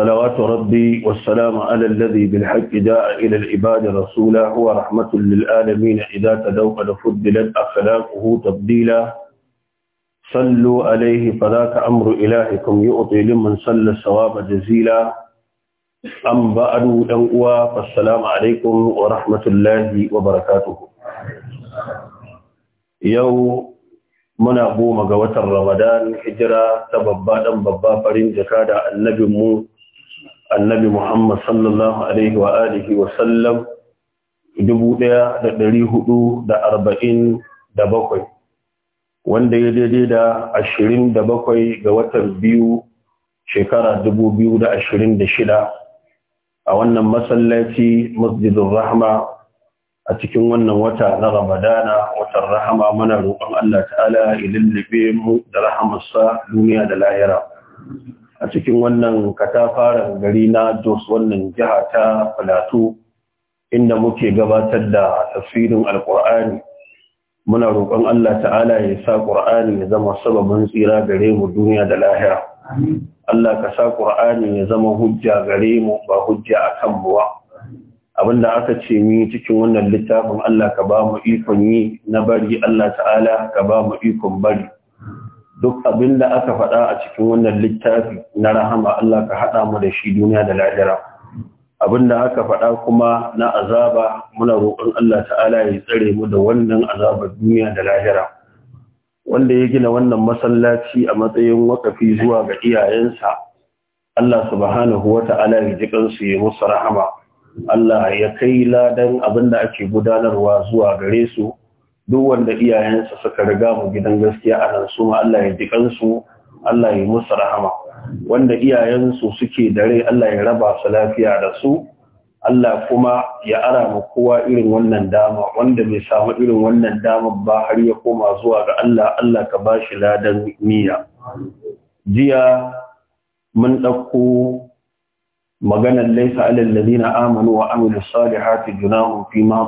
صلوات ربي والسلام على الذي بالحق جاء إلى العباد رسولا هو رحمة للآلمين إذا تدوقد فضلت أخلاقه تبديلا صلوا عليه فذاك أمر إلهكم يؤطي لمن صلى الثواب جزيلا أم بعد أنقوا فالسلام عليكم ورحمة الله وبركاته يوم muna goma ga watan Ramadan hijira ta babba dan babba farin jaka da annabinmu annabi Muhammad sallallahu Alaihi wa alihi wasallam bakwai wanda ya daidai da ashirin da bakwai ga watan biyu shekara da ashirin shida a wannan masallaci masjidin rahama a cikin wannan wata na ramadana watan rahama muna roƙon Allah ta'ala ya lullube mu da rahamarsa duniya da lahira a cikin wannan katafaren gari na Jos wannan jiha ta falatu, inda muke gabatar da tafsirin Alƙur'ani muna roƙon Allah ta'ala ya sa Ƙur'ani ya zama sababin tsira gare mu duniya da lahira Allah ka sa Ƙur'ani ya zama hujja gare mu ba hujja a kan mu ba abinda aka ce ni cikin wannan littafin Allah ka ba mu ikon yi na bari Allah ta'ala ka ba mu ikon bari duk abin da aka faɗa a cikin wannan littafi na rahama Allah ka haɗa mu da shi duniya da lahira abin da aka faɗa kuma na azaba muna roƙon Allah ta'ala ya tsare mu da wannan azabar duniya da lahira wanda ya gina wannan masallaci a matsayin wakafi zuwa ga iyayensa Allah subhanahu wa ta'ala ya ji kansu ya musu rahama Allah ya kai ladan abin da ake gudanarwa zuwa gare su duk wanda iyayensa suka riga mu gidan gaskiya a nan su Allah ya jikansu Allah ya musu rahama wanda iyayensu suke da rai Allah ya raba su lafiya da su Allah kuma ya ara mu kowa irin wannan dama wanda bai samu irin wannan dama ba har ya koma zuwa ga Allah Allah ka ba shi ladan miya. jiya mun dauko maganar laisa alal ladina amanu wa amilu salihati junahum fi ma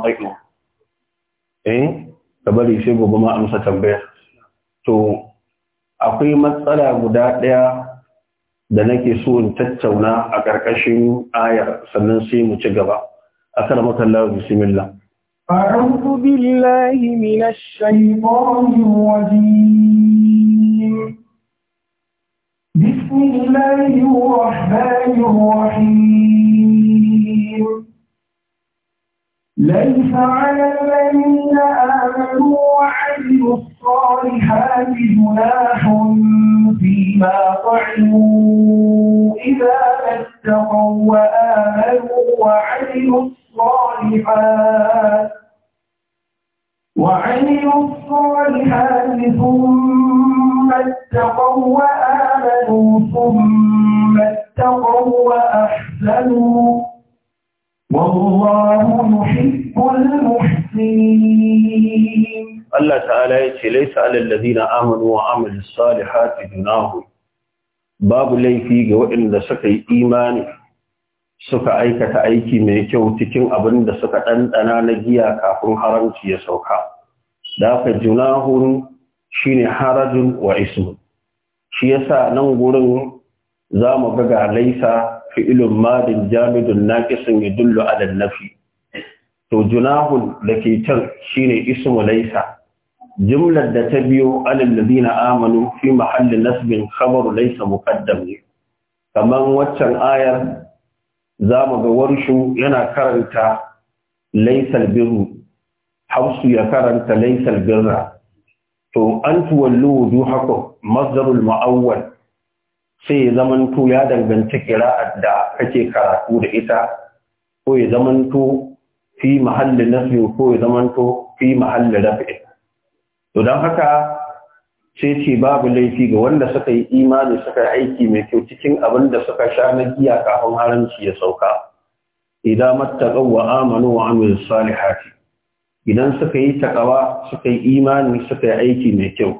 eh ka bari sai gobe ma amsa tambaya to akwai matsala guda ɗaya da nake so in tattauna a ƙarƙashin ayar sannan sai mu ci gaba akar makallah bismillah أعوذ بالله من الشيطان الرجيم بسم الله الرحمن الرحيم ليس على الذين آمنوا وعملوا الصالحات جناح فيما طعموا إذا اتقوا وآمنوا وعملوا الصالحات وعملوا الصالحات ثم اتقوا وآمنوا ثم اتقوا وأحسنوا Allah Ta'ala Ya ce laisa يتي na على الذين آمنوا وعملوا الصالحات babu laifi ga waɗanda suka yi imani suka aikata aiki mai kyau cikin abin da suka ɗanɗana na giya kafin haramci ya sauka. Da haka junahun shi ne harajun wa ismu Shi yasa nan gurin za mu ga laisa fi'ilun madin jamidun naqisun yadullu ala nafi to junahun da ke can shine ismu laysa jumlar da ta biyo alal ladina amanu fi mahalli nasbin khabaru laysa muqaddam Kamar waccan ayar zamu ga warshu yana karanta laysal birru hausu ya karanta laysal birra to an tuwallu wujuhakum masdarul muawwal sai ya zamanto ya danganci kira'ar da kake karatu da ita ko ya zamanto fi mahalli nasbi ko ya zamanto fi mahalli rafi to don haka sai ce babu laifi ga wanda suka yi imani suka yi aiki mai kyau cikin abin da suka sha na giya kafin haramci ya sauka idan mattaqaw wa amanu wa amilus salihati idan suka yi takawa suka yi imani suka yi aiki mai kyau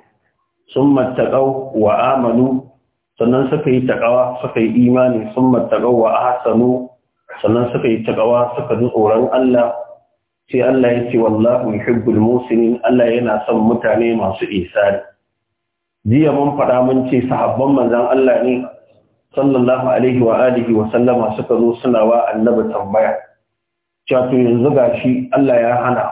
sun mattaqaw wa amanu sannan suka yi taƙawa suka yi imani sun mattaƙawa a hasanu sannan suka yi taƙawa suka ji tsoron Allah sai Allah ya ce wallahu yuhibbul musinin Allah yana son mutane masu isari jiya mun faɗa mun ce sahabban manzon Allah ne sallallahu alaihi wa alihi wa sallama suka zo suna wa annabi tambaya cewa to yanzu gashi Allah ya hana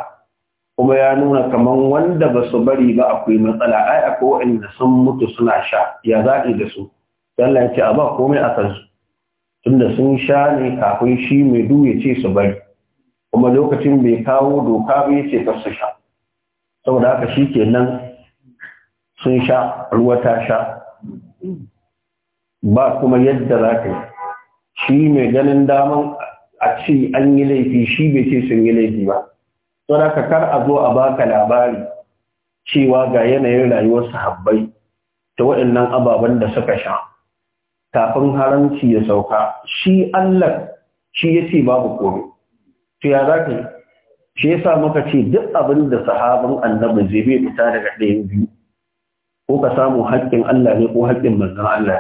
kuma ya nuna kaman wanda ba su bari ba akwai matsala ai akwai waɗanda sun mutu suna sha ya zai da su Allah ce a ba komai a kansu tunda sun sha ne kafin shi mai du ya ce su bari kuma lokacin bai kawo doka ba ya ce kar su sha saboda haka shi ke nan sun sha ruwa ta sha ba kuma yadda za ka yi shi mai ganin daman a ce an yi laifi shi bai ce sun yi laifi ba saboda haka kar a zo a baka labari cewa ga yanayin rayuwar sahabbai ta waɗannan ababen da suka sha kafin haramci ya sauka shi Allah shi ya ce babu kome to ya za ka yi shi ya sa maka ce duk abin da sahabin annabi zai bai fita daga ɗayan biyu ko ka samu haƙƙin Allah ne ko haƙƙin manzan Allah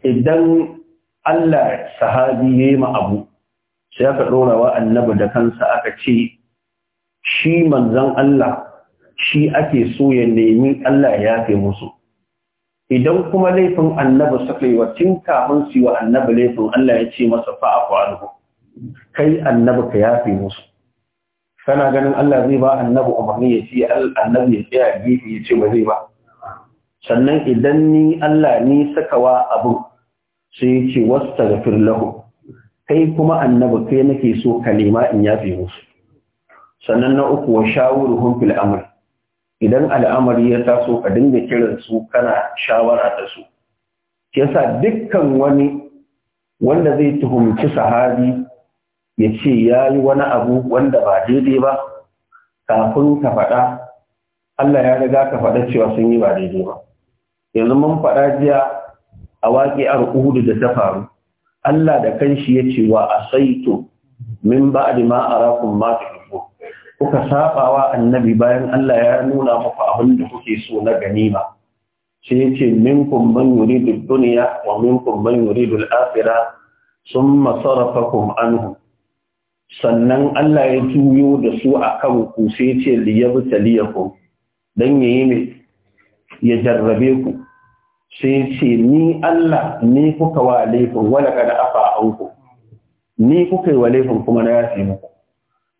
idan Allah sahabi ya yi abu sai aka ɗora wa annabi da kansa aka ce shi manzan Allah shi ake so ya nemi Allah ya fi musu idan kuma laifin annabi suka yi wa tun kafin su wa annabi laifin Allah ya ce masa fa'afu alhu, kai annabi ka yafe musu kana ganin Allah zai ba annabi umarni ya ce annabi ya tsaya gefe ya ce ba zai ba sannan idan ni Allah ni sakawa abu sai ya ce tarafin lahu kai kuma annabi kai nake so kalima in yafe musu sannan na uku wa Shawuru, fil amur, idan al'amari ya taso ka dinga kiran su kana shawara da su yasa dukkan wani wanda zai tuhumci sahabi ya ce ya yi wani abu wanda ba daidai ba kafin ka faɗa Allah ya riga ka faɗa cewa sun yi ba daidai ba yanzu mun faɗa jiya a waƙi a da ta faru Allah da kanshi ya ce wa asaitu min ba'di ma arakum ma fi kuka sabawa annabi bayan Allah ya nuna muku abin da kuke so na ganima sai yace minkum man yuridu ad-dunya wa minkum man yuridu al-akhirah thumma sarafakum anhu sannan Allah ya tuyo da su akan ku sai yace liyabtaliyakum dan yayi ne ya jarrabe ku sai ce ni Allah ni kuka wa laifin wala kada afa anku ni kuka yi wa laifin kuma na yafi muku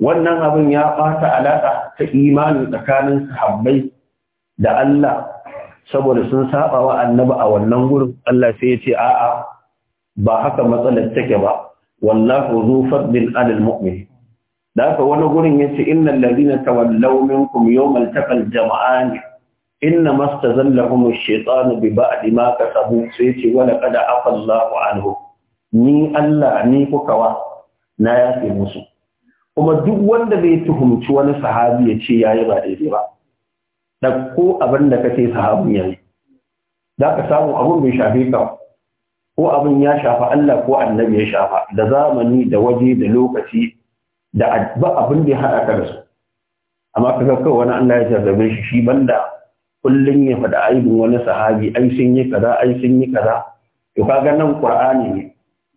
wannan abin ya ɓata alaƙa ta imani tsakanin sahabbai da Allah saboda sun saba wa annabi a wannan gurin Allah sai ya ce a'a ba haka matsalar take ba wallahu zu fadlin alal mu'min da haka wani gurin yace innal ladina tawallaw minkum yawmal taqal jama'an inna mastazallahum ash-shaytan bi ba'd ma kasabu sai yace wa laqad afa Allahu anhu ni Allah ni kuka wa na yafe musu kuma duk wanda bai tuhumci wani sahabi ya ce yayi ba daidai ba ko abin da kace sahabin yi. za ka samu abin bai shafe ka ko abin ya shafa Allah ko annabi ya shafa da zamani da waje da lokaci da ba abin da ya haɗa ka da su amma ka ga kawai wani Allah ya jarrabe shi shi banda kullun ya faɗa aibin wani sahabi ai sun yi kaza ai sun yi kaza to kaga nan Qur'ani ne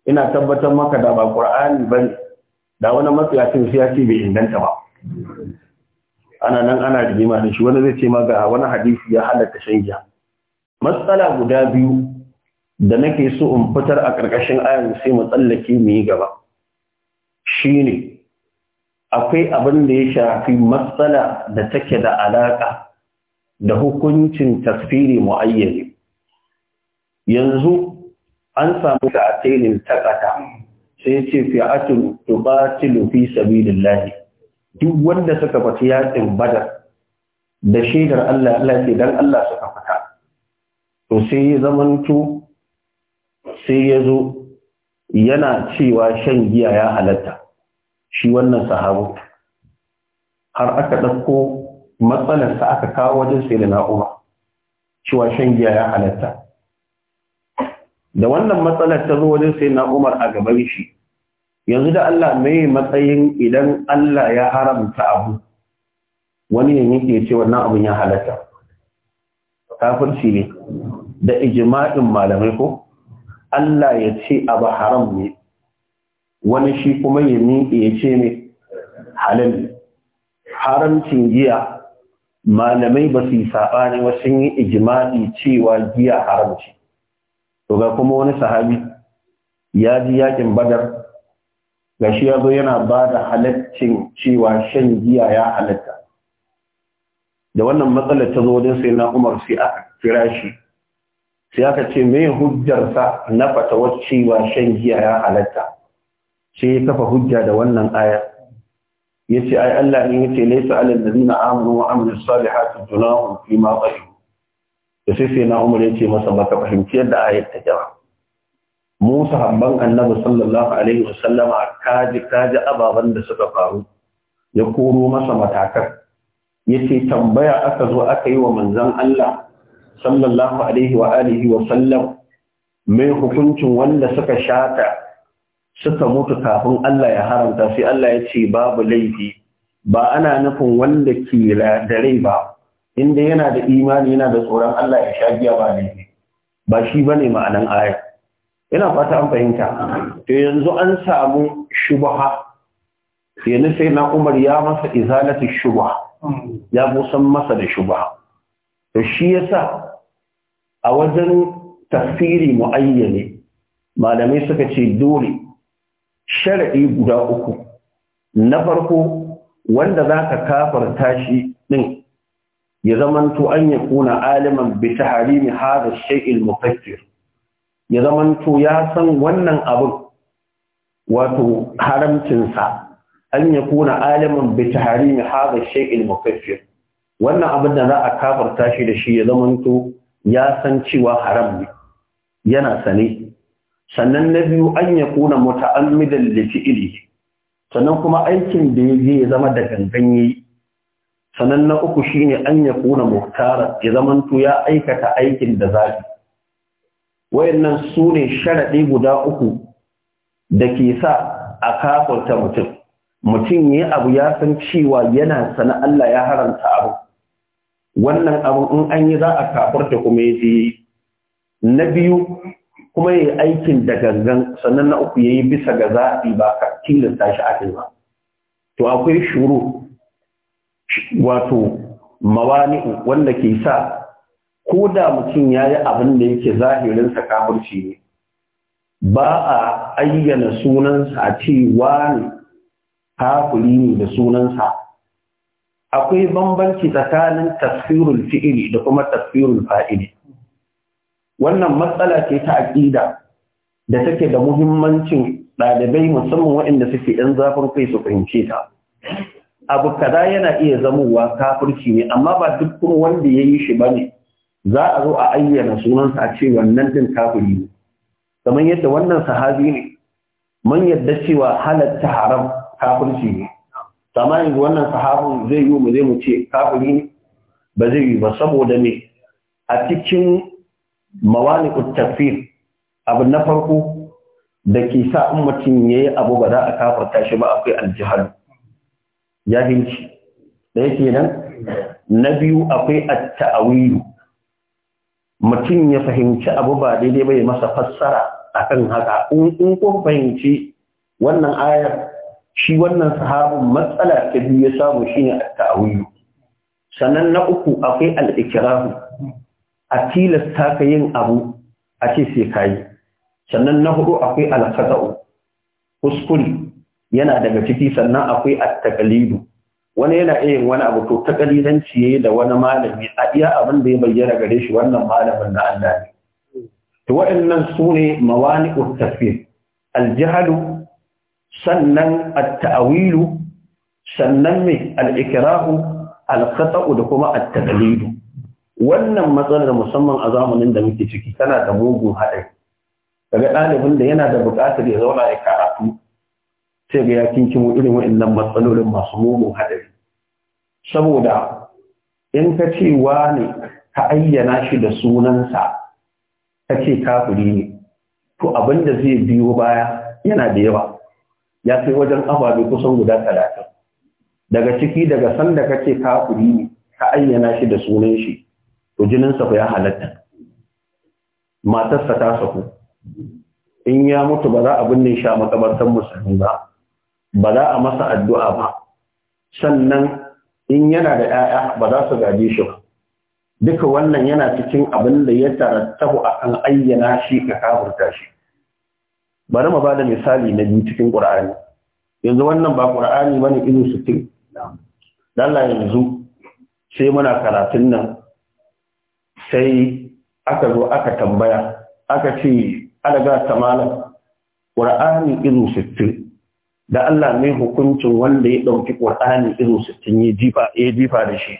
ina tabbatar maka da ba Qur'ani bane da wani matsayacin sai ya ce bai inganta ba ana nan ana rigima da shi wani zai ce ma ga wani hadisi ya halatta shan giya matsala guda biyu da nake so in fitar a ƙarƙashin ayan sai mu tsallake mu yi gaba shine akwai abin da ya shafi matsala da take da alaƙa da hukuncin tasfiri ayyane yanzu an samu ta'atilin takata sai ce fi'atun tubatilu fi sabilillah duk wanda suka fata yakin badar da shaidar Allah Allah ce dan Allah suka fita to sai ya zamanto sai ya zo yana cewa shan giya ya halatta shi wannan sahabo. har aka ɗauko matsalarsa aka kawo wajen sai da na'ura cewa shan giya ya halatta da wannan matsalar ta zo wajen sai na umar a gaban shi yanzu da Allah mai matsayin idan Allah ya haramta abu wani ne yake ce wannan abin ya halatta kafirci ne da ijma'in malamai ko Allah ya ce abu haram ne wani shi kuma ya miƙe ya ce ne halal haramcin giya malamai ba su yi ne wasu yi ijma'i cewa giya haramci to ga kuma wani sahabi ya ji yakin badar ga shi ya zo yana ba da halaccin cewa shan giya ya halatta da wannan matsalar ta zo wajen sai na umar sai aka kira shi sai aka ce me hujjarsa na fatawar cewa shan giya ya halatta sai ya kafa hujja da wannan aya ya ce ai Allah ne ya ce laisa alal ladina amanu wa amilus salihati junahum fi ma qalib da sai sai na umar ya ce masa maka fahimci yadda ayat ta jawa Musa, sahabban annabi sallallahu alaihi wasallama kaji kaji ababan da suka faru ya koro masa matakan yace tambaya aka zo aka yi wa manzon Allah sallallahu alaihi wa alihi mai hukuncin wanda suka shata suka mutu kafin Allah ya haramta sai Allah ya ce babu laifi ba ana nufin wanda ke da rai ba inda yana da imani yana da tsoron Allah ya sha giya ba laifi ba shi bane ma'anan ayar ina fata an fahimta to yanzu an samu shubha yanzu sai na Umar ya masa izalatu shubha ya busan masa da shubha to shi yasa a wajen tafsiri muayyane malamai suka ce dole shar'i guda uku na farko wanda za ka kafarta shi din ya zamantu an ya kuna aliman bi taharimi hadha shay'il mufakkir ya zamantu ya san wannan abin wato haramcinsa. sa an ya kuna aliman bi taharimi hadha shay'il mufakkir wannan abin da za a kafarta shi da shi ya zamantu ya san cewa haram ne yana sane sannan na biyu an ya kuna muta'ammidan li fi'li sannan kuma aikin da ya zama da gangan yayi sannan na uku shine an ya kuna muhtara ya zamanto ya aikata aikin da zafi. wayannan su ne sharaɗi guda uku da ke sa a kafarta mutum mutum yayi abu ya san cewa yana sana Allah ya haranta abu wannan abu in an yi za a kafarta kuma ya je na biyu kuma ya yi aikin da gangan sannan na uku ya yi bisa ga zaɓi ba ka tilasta shi a ba to akwai shuru wato mawani'u wanda ke sa ko da mutum ya yi abin da yake zahirinsa kafirci ne ba a ayyana sunansa a ce wani kafiri ne da sunansa akwai bambanci tsakanin tasfirul fi'ili da kuma tasfirul fa'ili wannan matsala ce ta aƙida da take da muhimmancin ɗalibai musamman waɗanda suke ɗan zafin kai su fahimce ta abu kaza yana iya zamowa kafirci ne amma ba duk kuma wanda ya yi shi ba ne za a zo a ayyana sunansa a ce wannan din kafiri ne kamar yadda wannan sahabi ne mun yadda cewa halatta haram kafirci ne amma yanzu wannan sahabin zai yi mu zai mu ce kafiri ne ba zai yi ba saboda ne a cikin mawani tafsir abu na farko da ke sa in mutum ya yi abu ba za a kafarta shi ba akwai aljihadu jahilci ɗaya nan? na biyu akwai a taawilu mutum ya fahimci abu ba daidai bai masa fassara a kan haka in kun fahimci wannan ayar shi wannan sahabin matsala ta biyu ya samu shine a taawilu sannan na uku akwai al'ikirahu a tilasta ka yin abu a ce sai kayi sannan na hudu akwai al kuskure yana daga ciki sannan akwai at wani yana iya wani abu to taqlidanci yayi da wani malami a iya abin da ya bayyana gare shi wannan malamin na Allah ne to waɗannan sune mawani'ut tafsir al sannan at-ta'wilu sannan mai al-ikrahu al-khata'u da kuma at-taqlidu wannan matsalar musamman a zamanin da muke ciki tana da mugun haɗari daga ɗalibin da yana da buƙatar ya zauna ya karatu sai ga ya kinkimo irin wa'annan matsalolin masu mugun haɗari saboda in ka ce ne ka ayyana shi da sunansa ka ce kafiri ne to abin da zai biyo baya yana da yawa ya kai wajen ababe kusan guda talatin daga ciki daga sanda ka ce kafiri ne ka ayyana shi da sunan shi to jininsa ku ya halatta matarsa ta saku in ya mutu ba za a binne sha makabartan musulmi ba ba za a masa addu'a ba sannan in yana da 'ya'ya ba za su gaje shi ba duka wannan yana cikin abin da ya tarattahu kan ayyana shi ka kafurta shi bari mu bada misali na biyu cikin ƙur'ani. yanzu wannan ba ne ilu su sittin Allah yanzu sai muna karatun nan sai aka zo aka tambaya aka ce alaga tamala ilu su sittin da Allah mai hukuncin wanda ya ɗauki ƙur'ani irin sittin ya jifa da shi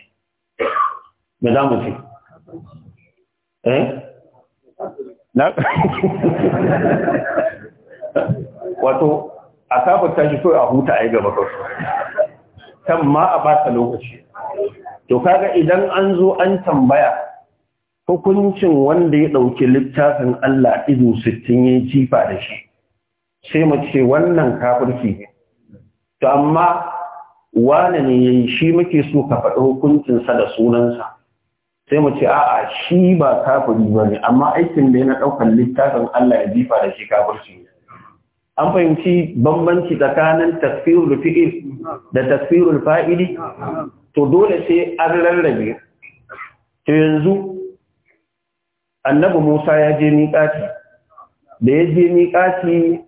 me za mu ce eh na wato a kafin shi kawai a huta a yi gaba kawai kan ma a ta lokaci to kaga idan an zo an tambaya hukuncin wanda ya ɗauki littafin Allah ido sittin ya jifa da shi sai mu ce wannan kafirci ne to amma wane ne yayi shi muke so ka faɗi hukuncinsa da sunansa sai mu ce a'a shi ba kafiri ba ne amma aikin da yana ɗaukar littafin Allah ya jifa da shi kafirci an fahimci bambanci tsakanin tasfirul fi'il da tasfirul fa'ili to dole sai an rarrabe to yanzu annabi Musa ya je miƙati da ya je miƙati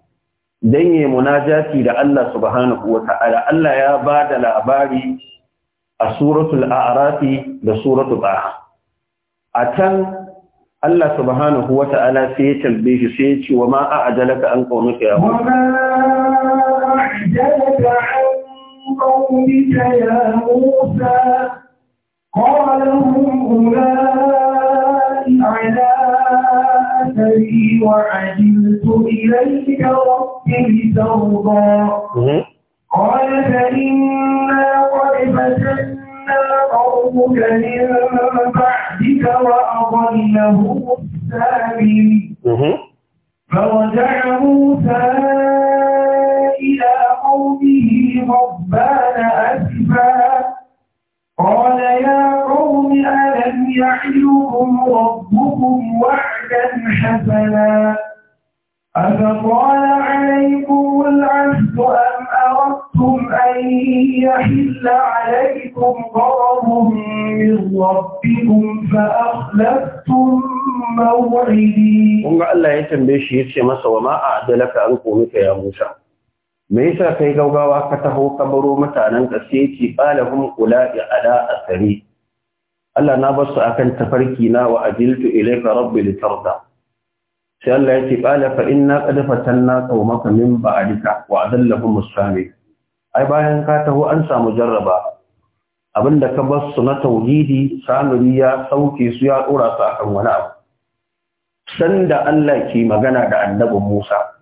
dan yi munajati da Allah subhanahu wa ta'ala Allah ya ba da labari a suratul a'rafi da suratul ba'a a can Allah subhanahu wa ta'ala sai ya tambaye shi sai ya ce wa ma a'jalaka an qaumika ya Musa ma a'jalaka an ya Musa qala هم ulai 'ala أثري وعجلت إليك ربي لترضى قال فإنا قد فتنا قومك من بعدك وأضلهم السامري فرجع موسى إلى قومه ربان أسفا قال يا قوم ألم يعدكم ربكم وعدا حسنا أفطال عليكم العهد أم أردتم أن يحل عليكم غضب من ربكم فأخلفتم موعدي. قال الله يتنبيه شيء مسا وما أعدلك أنكم يا موسى. me yasa kai gaugawa ka taho ka baro mutanen ka sai ce qalahum ula'i ala asari Allah na basu su akan tafarki na wa ajiltu ilayka rabbi litarda sai Allah ce qala fa inna qad fatanna qaumaka min ba'dika wa adallahum musami ai bayan ka taho an samu jarraba abinda ka bar su na tauhidi samiri ya sauke su ya dora su akan wani abu sanda Allah ke magana da annabi Musa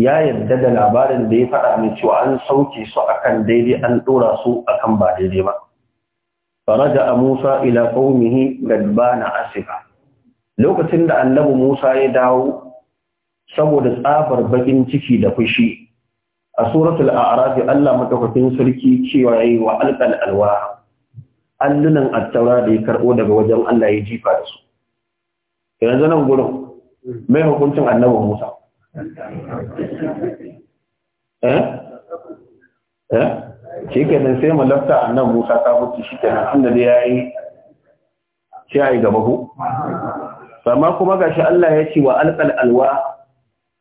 ya yarda da labarin da ya faɗa mai cewa an sauke su akan daidai an ɗora su akan ba daidai ba faraja a musa ila ba na asifa lokacin da annabi musa ya dawo saboda tsabar baƙin ciki da fushi a suratul arafi Allah madaukakin sarki cewa yayi wa alqal alwa allunan da ya karbo daga wajen Allah ya jifa da su yanzu nan gurin mai hukuncin annabi musa eh eh shi kenan sai mu lafta annan musa ta mutu shi kenan tunda da yi shi yi gaba ku Sama kuma gashi Allah ya ce wa alƙal alwa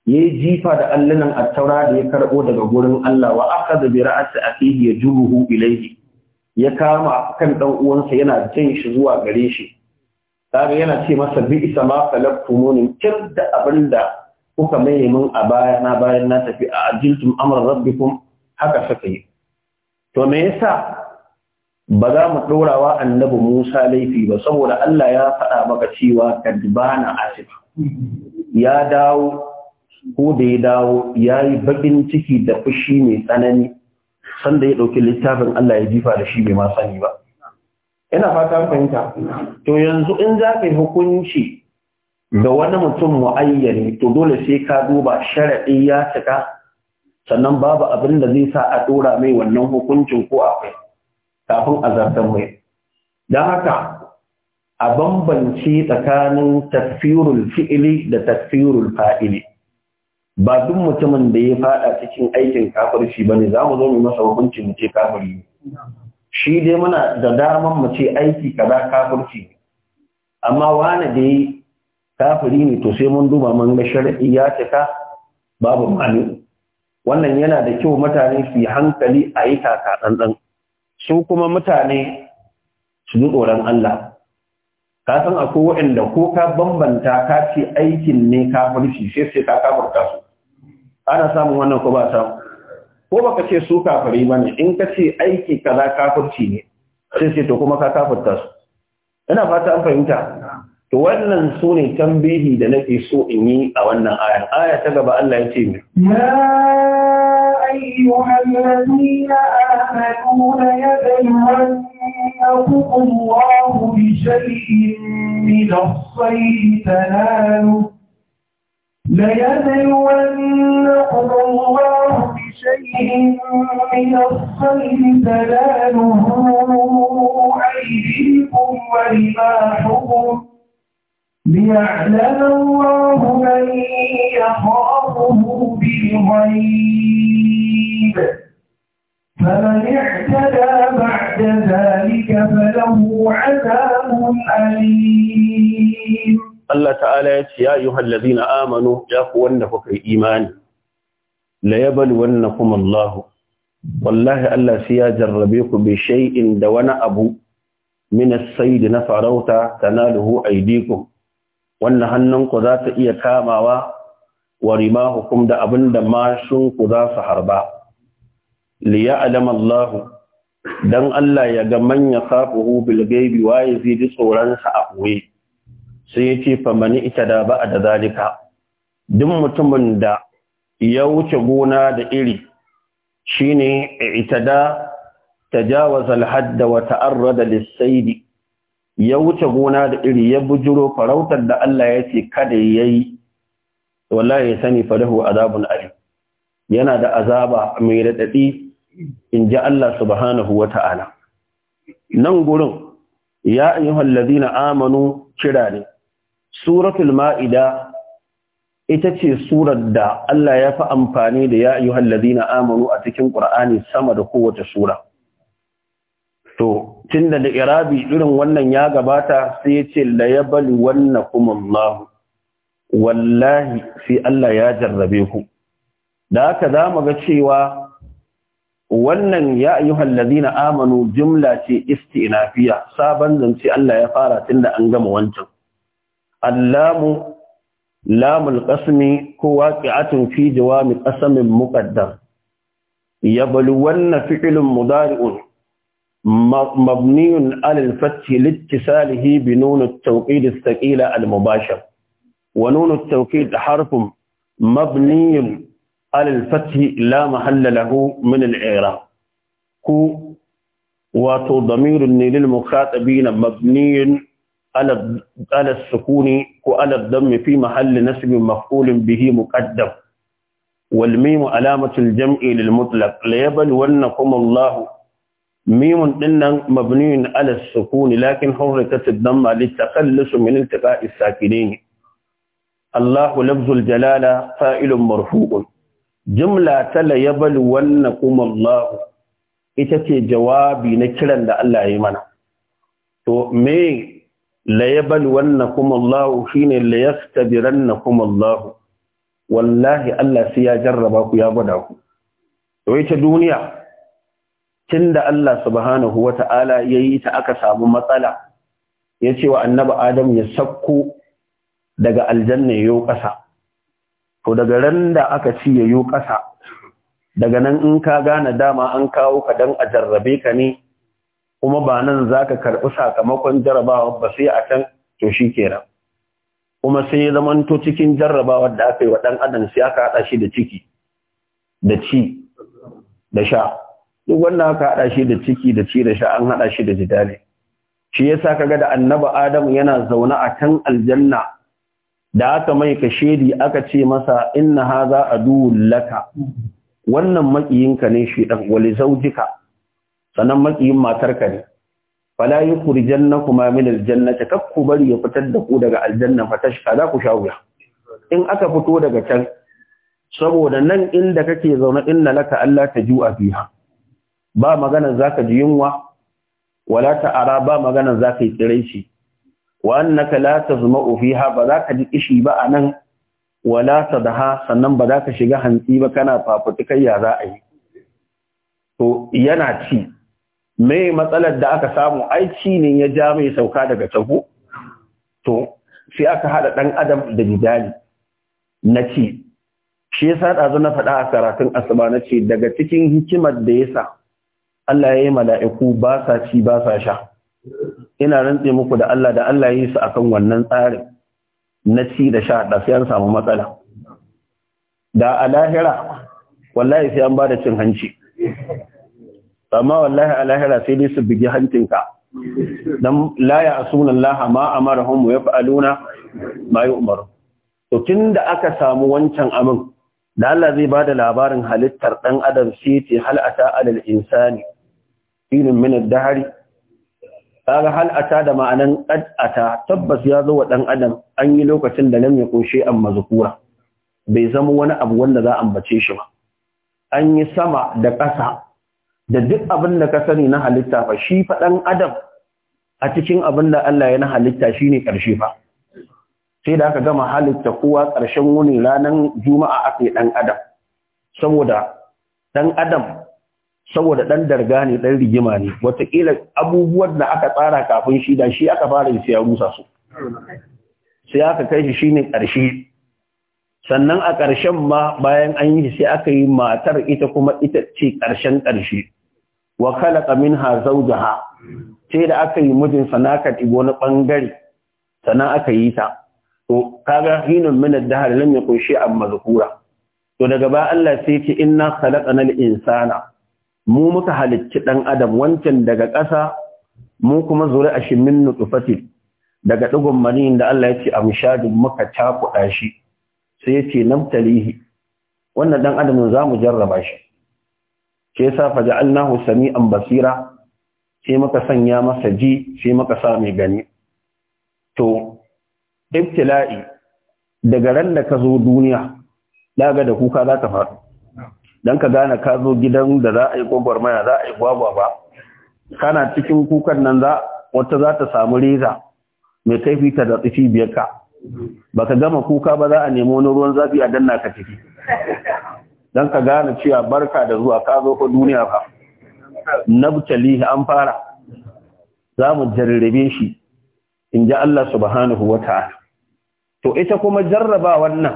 yi jifa da a attaura da ya karɓo daga gurin Allah wa aka a bi ya juru hu ilaihi. ya kama a kan ɗan uwansa yana jan shi zuwa gare shi kaga yana ce masa bi isa ma falaktumuni kyar da abin da. kuka mai mun a baya na bayan na tafi a ajiltum amr rabbikum haka suka yi to me yasa ba za mu ɗorawa annabi Musa laifi ba saboda Allah ya faɗa maka cewa kadbana asifa ya dawo ko da ya dawo ya yi bakin ciki da fushi mai tsanani sanda ya ɗauki littafin Allah ya jifa da shi bai ma sani ba ina fata fahimta to yanzu in za hukunci ga wani mutum mu'ayyani to dole sai ka duba sharaɗi ya cika sannan babu abin da zai sa a ɗora mai wannan hukuncin ko akwai kafin a zartar mai don haka a bambanci tsakanin tafsirul fi'ili da tafsirul fa'ili ba duk mutumin da ya fada cikin aikin kafirci bane za mu zo mu masa hukunci mu ce kafiri shi dai muna da daman mu ce aiki kaza kafirci amma wani da kafiri ne to sai mun duba mun ga shar'i ya cika babu mani wannan yana da kyau mutane su yi hankali a yi kaka ɗanɗan su kuma mutane su ji tsoron Allah ka san akwai waɗanda ko ka bambanta ka ce aikin ne kafirci sai sai ka kafirta su ana samun wannan ko ba samu ko baka ce su kafiri bane in ka ce aiki kaza kafirci ne sai sai to kuma ka kafirta su ina fata an fahimta to wannan su ne tambihi da nake so in yi a wannan ayar aya ta gaba Allah ya ce mai ya ayyuhal ladina amanu la yadhhakum Allahu min as-sayd tanalu la yadhhakum Allahu bi shay'in min ليعلم الله من يخافه بالغيب فمن اعتدى بعد ذلك فله عذاب أليم Allah ta'ala ya ce, Ya yi hallazi na amano, ya ku wanda kuka yi imani, la yabal wannan kuma Allahu, wallahi Allah sai ya jarrabe ku bai shai'in da wani abu, minas sai na farauta, tanaluhu aidikum, Wannan hannunku za ta iya kamawa wa rimahukum da abin da mashinku za su harba liya alamallahu don Allah ya ga manya safuhu bilgaibi waye zai ji tsoronsa a ɓoye sai ya ce famani ita da ba a da zalika duk mutumin da ya wuce gona da iri shine ita da tajawaza alhadda wa ta'arrada lissaidi ya wuce gona da iri ya bujiro farautar da Allah ya ce kada ya yi wallahi ya sani fadahu azabun alim yana da azaba mai raɗaɗi in ji Allah subhanahu wa ta'ala nan gurin ya ayyuhal ladina amanu kira ne suratul ma'ida ita ce surar da Allah ya fi amfani da ya ayyuhal ladina amanu a cikin Qur'ani sama da kowace sura to tun da da irabi irin wannan ya gabata sai ya ce la ya bali wannan kuma Allah wallahi sai Allah ya jarrabe ku da haka za mu ga cewa wannan ya ladina amanu jumla ce istinafiya sabon zance Allah ya fara tun da an gama wancan allamu lamul qasmi ko waƙi'atun fi jawami muƙaddar muqaddar yabluwanna fi'lun mudari'un مبني على الفتح لاتصاله بنون التوكيد الثقيلة المباشر ونون التوكيد حرف مبني على الفتح لا محل له من الإعراب كو واتو ضمير للمخاطبين مبني على على السكون وعلى الضم في محل نسب مفعول به مقدم والميم علامة الجمع للمطلق ليبلونكم الله mimun dinnan mabniyun ala sukuni lakin hurrikat ad-damma litaqallus min iltiqa'i as-sakinain Allah lafzul jalala fa'ilun marfu'un jumla tala yabluwannakum Allah ita ce jawabi na kiran da Allah ya yi mana to me la yabluwannakum Allah shine la yastabirannakum Allah wallahi Allah sai ya jarraba ku ya gwada ku to ita duniya tun da Allah subhanahu wa ta'ala ya yi ta aka samu matsala ya ce wa annaba Adam ya sakko daga aljanna ya yi ƙasa. To daga ran da aka ci ya yi ƙasa, daga nan in ka gane dama an kawo ka don a jarrabe ka ne, kuma ba nan za ka karɓi sakamakon jarrabawa ba sai a can to shi kenan. Kuma sai ya zamanto cikin jarrabawar da aka yi wa ɗan adam sai aka haɗa shi da ciki, da ci, da sha. duk wannan aka haɗa shi da ciki da ci da sha an haɗa shi da jidali shi yasa kaga da annabi adam yana zaune a kan aljanna da aka mai ka kashedi aka ce masa inna haza aduwwul laka wannan makiyinka ne shi dan wali zaujika sanan makiyin matarka ne fala yukhrijannakuma min aljannati kakku bari ya fitar da ku daga aljanna fatashka za ku sha wuya in aka fito daga can saboda nan inda kake zaune inna laka alla taju'a fiha ba maganar zaka ji yunwa wala ara ba maganan zaka yi tsiraici wa annaka la tazma'u fiha ba zaka ji kishi ba anan wala tadha sannan ba ka shiga hantsi ba kana kai ya za a yi to yana ci me matsalar da aka samu ai ci ne ya ja mai sauka daga tago to sai aka hada dan adam da bidali na ci shi yasa ɗazu na faɗa a karatun asuba na ce daga cikin hikimar da yasa Allah ya yi mala'iku ba sa ci ba sa sha ina rantse muku da Allah da Allah ya yi su akan wannan tsarin na ci da sha da sai an samu matsala da a lahira wallahi sai an ba da cin hanci amma wallahi a lahira sai dai su bigi hancinka dan la ya asunan laha ma amarahum wa yaf'aluna ma Umaru. to tun da aka samu wancan amin, da Allah zai bada labarin halittar dan adam shi ce hal ata alal insani irin min dahari kaga hal ata da ma'anan qad tabbas ya zo wa dan adam an yi lokacin da nan ya kunshe an mazkura bai zama wani abu wanda za a ambace shi ba an yi sama da ƙasa da duk abin da ka sani na halitta fa shi fa dan adam a cikin abin da Allah ya na halitta shi ne karshe fa sai da aka gama halitta kowa ƙarshen wuni ranar juma'a aka yi dan adam saboda ɗan adam saboda ɗan darga ne ɗan rigima ne watakila abubuwan da aka tsara kafin shi da shi aka fara yi sai ya rusa su sai aka kai shi shine ƙarshe sannan a ƙarshen ma bayan an yi sai aka yi matar ita kuma ita ce ƙarshen ƙarshe wa khalaqa minha zawjaha sai da aka yi mijin sanaka ibo na bangare sannan aka yi ta to kaga hinun min dahar dahr lam yakun shay'an mazkura to daga ba Allah sai ce inna khalaqana al-insana mu muka halicci ɗan adam wancan daga ƙasa mu kuma zuri a shimin nutsufatil daga ɗigon maniyin da Allah ya ce a mishadin muka cakuɗa shi sai ya ce namtalihi wannan ɗan adam za mu jarraba shi ke yasa faja alnahu sami'an basira sai muka sanya masa ji sai muka sa mai gani to ibtila'i daga ran da ka zo duniya daga da kuka za ka faɗo Dan ka gane ka zo gidan da za a yi gwagwarmaya za a yi ba, kana cikin kukan nan za wata za ta samu reza mai kaifi ta da tsifi biyar ka ba ka gama kuka ba za a nemi wani ruwan zafi a danna ka ciki Dan ka gane cewa barka da zuwa ka zo ko duniya ba nabtali an fara za mu jarrabe shi in ji Allah subhanahu wa ta'ala to ita kuma jarraba wannan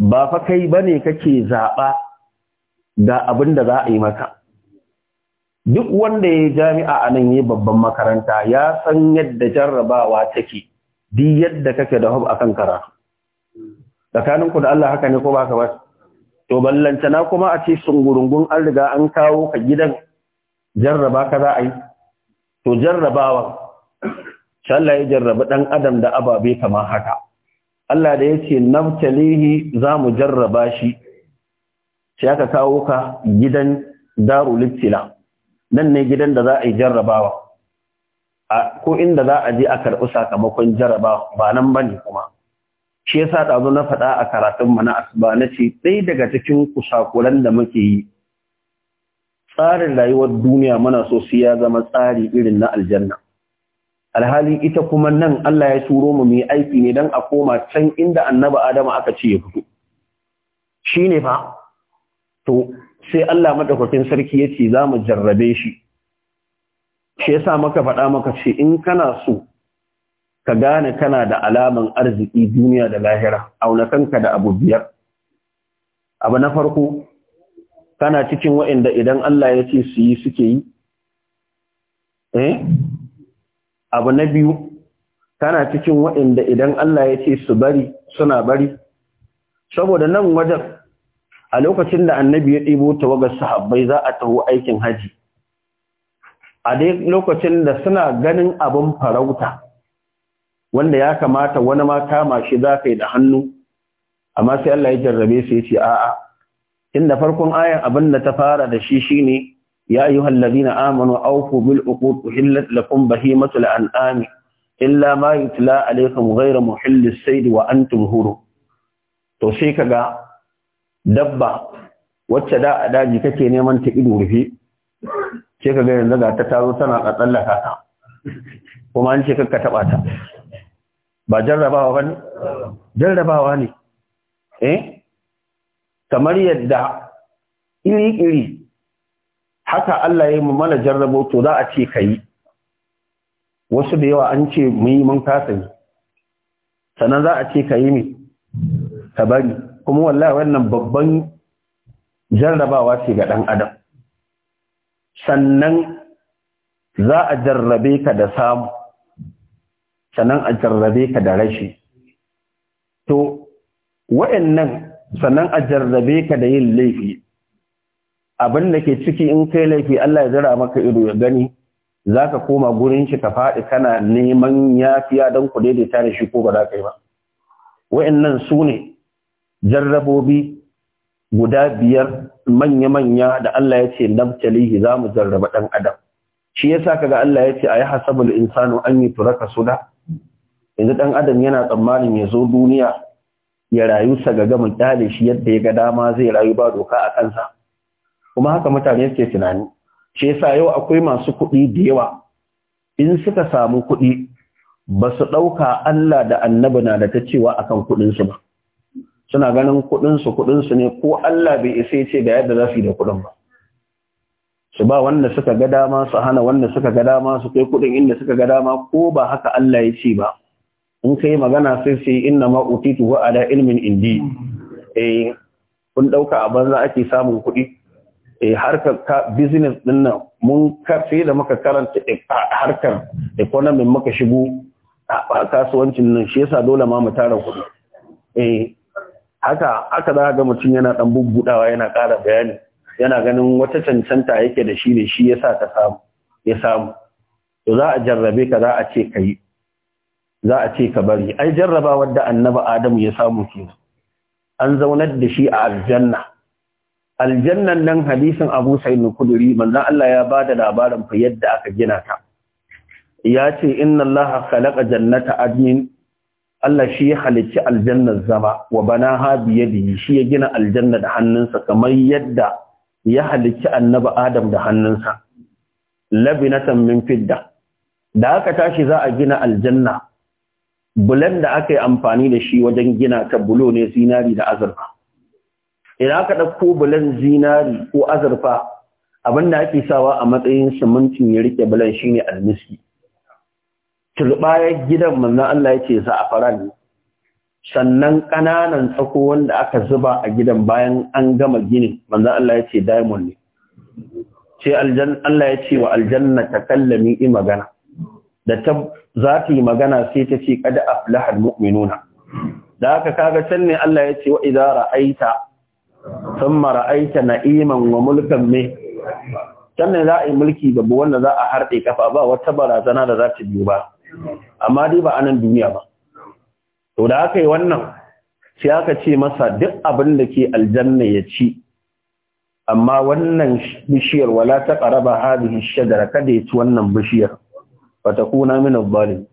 ba fa kai bane kake zaɓa da abin da za a yi maka duk wanda ya jami'a a nan yi babban makaranta ya san yadda jarrabawa take di yadda kake da hub kara. Tsakanin tsakaninku da Allah haka ne ko ba ka ba to na kuma a ce sungurungun an riga an kawo ka gidan jarraba ka za a yi to jarrabawa shalla ya jarrabi ɗan adam da ababe kamar haka Allah da ya ce naftalihi za mu jarraba shi sai aka kawo ka gidan darul ibtila nan ne gidan da za a yi jarrabawa a ko inda za a je a karɓi sakamakon jarrabawa, ba nan bane kuma shi yasa ɗazu na faɗa a karatun mu na asuba na ce ɗaya daga cikin kusakuran da muke yi tsarin rayuwar duniya muna so su ya zama tsari irin na aljanna alhali ita kuma nan Allah ya turo mu mai aiki ne dan a koma can inda annabi Adamu aka ce ya fito shine fa to sai Allah madaukakin sarki yace za mu jarrabe shi shi yasa maka faɗa maka ce in kana so ka gane kana da alaman arziki duniya da lahira auna kanka da abu biyar abu na farko kana cikin waɗanda idan Allah ya ce su yi suke yi eh abu na biyu kana cikin waɗanda idan Allah ya ce su bari suna bari saboda nan wajen a lokacin da annabi ya ɗibo tawagar sahabbai za a taho aikin haji a dai lokacin da suna ganin abin farauta wanda ya kamata wani ma kama shi za ka yi da hannu amma sai Allah ya jarrabe su ya ce a'a inda farkon ayan abin da ta fara da shi shine ya ayyuhal ladina amanu awfu bil uqud uhillat lakum bahimatul an'ami illa ma yutla alaykum ghayra muhillis sayd wa antum huru to sai kaga dabba wacce da a daji kake neman ta ido rufe ce ka ga yanzu ga ta taro tana tsallaka ta. kuma an ce kakka taba ta ba jarrabawa ba ne? jarrabawa ne eh kamar yadda iri-iri haka Allah ya yi mana jarrabo to za a ce ka yi wasu da yawa an ce mu yi mun kasa yi sannan za a ce ka yi ne ka bari kuma wallahi wannan babban jarrabawa ce ga ɗan adam sannan za a jarrabe ka da samu sannan a jarrabe ka da rashi to wa'annan sannan a jarrabe ka da yin laifi abin da ke ciki in kai laifi Allah ya jira maka ido ya gani za ka koma gurin shi ka faɗi kana neman yafiya don ku daidaita da shi ko ba za ka yi ba wa'annan su ne jarrabobi guda biyar manya-manya da Allah ya ce nabtalihi za mu jarraba ɗan adam shi yasa kaga Allah ya ce a yi hasabul insanu an yi turaka suda yanzu ɗan adam yana tsammanin ya zo duniya ya rayu sa gama kyale shi yadda ya ga dama zai rayu ba doka a kansa kuma haka mutane suke tunani shi yasa yau akwai masu kuɗi da yawa in suka samu kuɗi ba su ɗauka Allah da annabi na da ta cewa akan kuɗinsu ba suna ganin kuɗinsu kuɗinsu ne ko Allah bai isa ce ga yadda za su yi da kuɗin ba su ba wanda suka ga dama su hana wanda suka ga dama su kai kuɗin inda suka ga dama ko ba haka Allah ya ce ba in ka yi magana sai su yi inna ma utitu wa ala ilmin indi eh kun ɗauka a banza ake samun kuɗi eh harkar ka business ɗin nan mun sai da muka karanta eh, harkar economy muka shigo a kasuwancin nan shi yasa dole ma mu tara kuɗi eh haka aka za ga mutum yana dan bubbudawa yana ƙara bayani yana ganin wata cancanta yake da shi ne shi sa ka samu ya samu to za a jarrabe ka za a ce ka yi za a ce ka bari ai jarraba wadda annabi adamu ya samu ke an zaunar da shi a aljanna aljannan nan hadisin abu sa'id al-khudri manzon Allah ya bada labarin fa yadda aka gina ta ya ce inna allaha khalaqa jannata adnin Allah shi ya halicci aljannar zama wa bana ha biyadihi shi ya gina aljanna da hannunsa kamar yadda ya halicci annabi Adam da hannunsa labinatan min fidda da aka tashi za a gina aljanna bulan da aka yi amfani da shi wajen gina ta bulo ne zinari da azurfa idan aka ɗauko bulan zinari ko azurfa abin da ake sawa a matsayin simintin ya rike bulan shine almiski turbayar gidan manzan Allah ya ce ne, sannan ƙananan tsako wanda aka zuba a gidan bayan an gama gini manzan Allah ya ce diamond ne ce Allah ya ce wa aljanna ta kallami i magana da ta za ta yi magana sai ta ce kada aflahal mu'minuna da haka kaga can ne Allah ya ce wa idza ra'aita thumma ra'aita na'iman wa mulkan me can ne za a yi mulki babu wanda za a harɗe kafa ba wata barazana da za ta biyu ba amma dai ba anan duniya ba to da aka yi wannan sai aka ce masa duk abin da ke aljanna ya ci amma wannan bishiyar wala ta qaraba hadhihi shajara kada ya ci wannan bishiyar fa kuna min adh-dhalim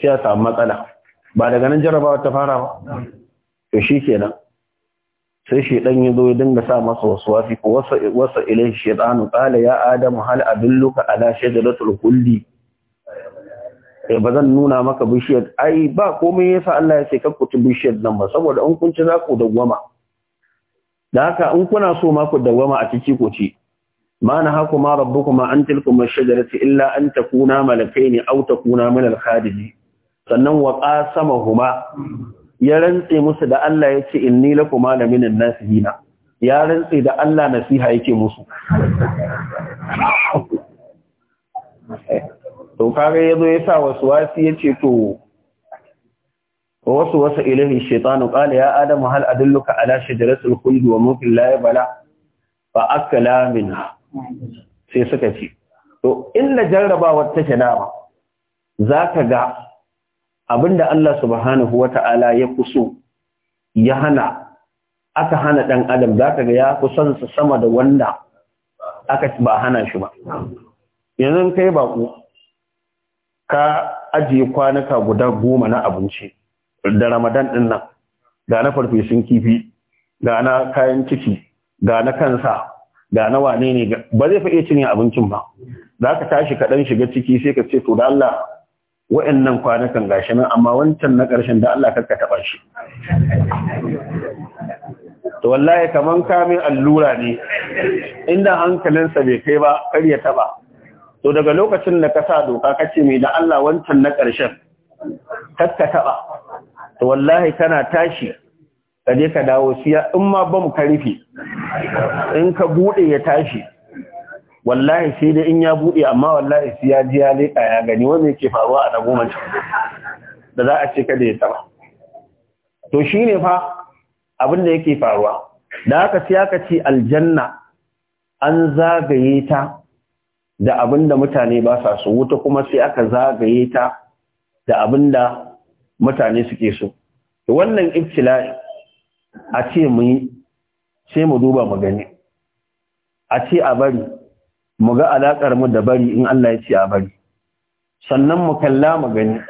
sai ya matsala ba daga nan jarabawa ta fara ba to shikenan sai shedan yazo ya dinga sa masa wasu ko wasa ilai shaytanu qala ya adamu hal adulluka ala shajaratul khuldi Eh, ba zan nuna maka bishiyar ai ba komai yasa Allah ya ce ka bishiyar nan ba saboda in kunci ci za ku dawwama da haka in kuna so ma ku dawwama a ciki ku ci ma na haku ma kuma an tilku ash-shajarati illa an takuna malakaini aw takuna min al-khalidi sannan wa huma ya rantse musu da Allah ya ce inni lakum la nasihina ya rantse da Allah nasiha yake musu to kaga yazo ya sa wasu wasi yace to wasu wasu ilahi shaitanu kala ya adam hal adulluka ala shajaratul khuld wa mulkin la yabla fa akala minha sai suka ce to inda jarrabawar take dama zaka ga abinda Allah subhanahu wata'ala ya kuso ya hana aka hana ɗan adam zaka ga ya kusansa sama da wanda aka ba hana shi ba yanzu kai ba ku. ka ajiye kwanuka guda goma na abinci da ramadan din nan ga na farfesun kifi ga na kayan ciki ga na kansa ga na wane ne ba zai fa iya cinye abincin ba za ka tashi kaɗan shiga ciki sai ka ce to da Allah wa'annan kwanukan gashi nan amma wancan na ƙarshen da Allah karka taɓa shi to wallahi kaman kamin allura ne inda hankalinsa bai kai ba kar ya taɓa to daga lokacin da ka sa doka kace mai da Allah wancan na ƙarshen takka taɓa to wallahi kana tashi ka je ka dawo siya in ma ba ka rufe in ka buɗe ya tashi wallahi sai dai in ya buɗe amma wallahi sai ya ji ya leƙa ya gani wani yake faruwa a mace da za a ce kada ya taɓa to shine fa abin da yake faruwa da aka siya ka ce aljanna an zagaye ta da abin da mutane ba sa so wuta kuma sai aka zagaye ta da abin da mutane suke so wannan ibtila'i a ce mu yi sai mu duba mu gani a ce a bari mu ga alaƙar mu da bari in Allah ya ce a bari sannan mu kalla mu gani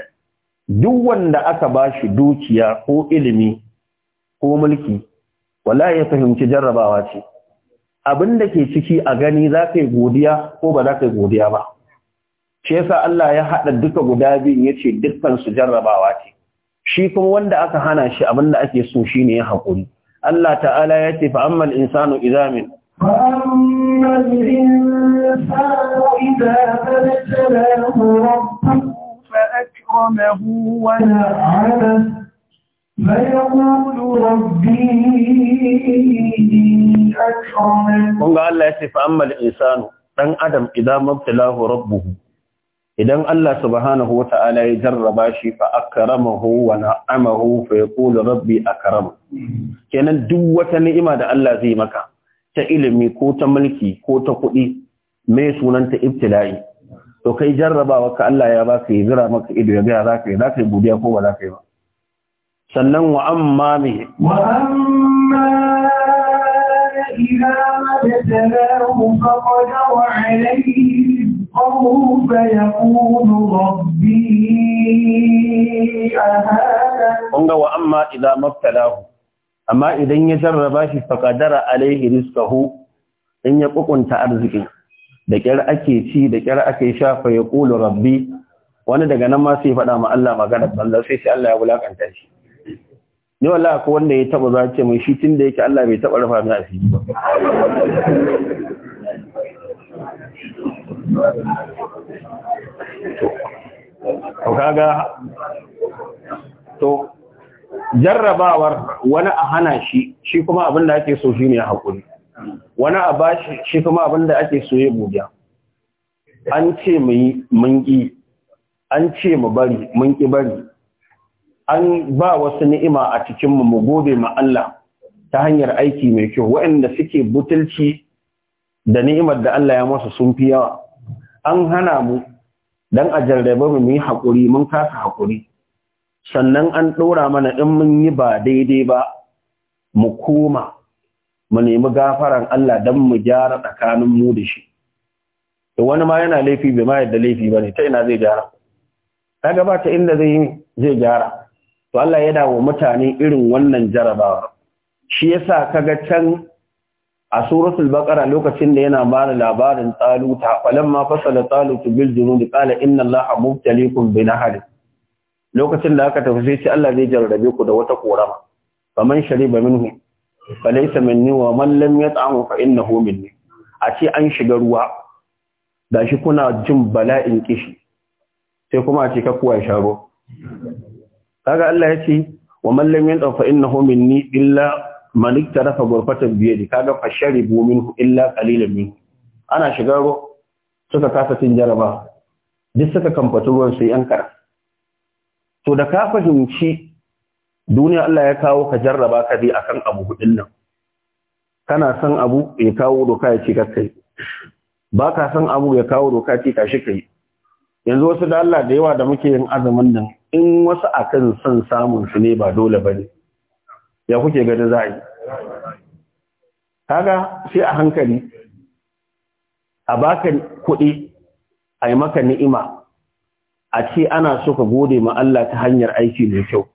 duk wanda aka ba shi dukiya ko ilimi ko mulki wala ya fahimci jarrabawa ce abin da ke ciki a gani za ka yi godiya ko ba za ka yi godiya ba shi yasa Allah ya haɗa duka guda biyun ya ce dukkan su jarrabawa ce shi kuma wanda aka hana shi abin da ake so shine ya haƙuri Allah ta'ala ya ce fa'ammal insanu izamin فأما الإنسان إذا فبتله ربه فأكرمه ونعمه Kun ga Allah ya ce fa'ammal insanu, ɗan Adam idan mabtalahu rabbuhu, idan Allah subhanahu wa ta'ala ya jarraba shi fa akramahu wa na'amahu fa yaqulu rabbi akram. Kenan duk wata ni'ima da Allah zai maka, ta ilimi ko ta mulki ko ta kuɗi, mai sunanta ibtila'i. To kai jarrabawa ka Allah ya baka yi zira maka ido ya gaya za ka yi, za ka yi godiya ko ba za ka yi ba. sannan wa an mami wa an ma ila mafitalahu amma idan ya jarraba shi fakadara alaihi hu, in ya kukunta arziki da kyar ake ci da kyar ake shafa ya rabbi wani daga nan ma sai faɗa ma Allah maganar ɓanzar sai sai Allah ya wulaƙanta shi ni wala ko wanda ya taba za ce mai shi tun da yake Allah bai taba rufa mai asiri ba to kaga to jarrabawar wani a hana shi shi kuma abin da ake so shi ne hakuri wani a bashi shi kuma abin da ake so ya buga an ce mu yi mun an ce mu bari mun ki bari an ba wasu ni'ima a cikin mu mu gobe ma Allah ta hanyar aiki mai kyau waɗanda suke butulci da ni'imar da Allah ya masa sun fi yawa an hana mu dan a jarrabe mu yi haƙuri mun kasa haƙuri sannan an ɗora mana in mun yi ba daidai ba mu koma mu nemi gafaran Allah dan mu gyara tsakanin mu da shi wani ma yana laifi bai ma yadda laifi ba ne ta ina zai gyara ta ba ta inda zai zai gyara to Allah yana wa mutane irin wannan jarabawa shi yasa kaga can a suratul baqara lokacin da yana bada labarin taluta falamma fasala talutu bil junud qala inna allaha mubtaliikum bi lokacin da aka tafi sai Allah zai jarrabe ku da wata korama faman shariba minhu falaysa minni wa man lam yat'amu fa innahu minni a ce an shiga ruwa shi kuna jin bala'in kishi sai kuma a ce ka kuwa sharo kaga Allah ya ce wa man lam fa innahu minni illa man iktarafa ghurfatan bi yadi kaga fasharibu minhu illa qalilan min ana shiga go suka kasa cin jaraba duk suka kamfatu ruwan sai an kara to da ka fahimci duniya Allah ya kawo ka jarraba ka bi akan abu hudin nan kana san abu ya kawo doka ya ce kai ba ka san abu ya kawo doka ce ka shi kai yanzu wasu da Allah da yawa da muke yin azumin nan in wasu akan son samun su ne ba dole bane ya kuke ganin za a yi kaga sai a hankali a baka kuɗi a yi maka ni'ima a ce ana so ka gode ma Allah ta hanyar aiki mai kyau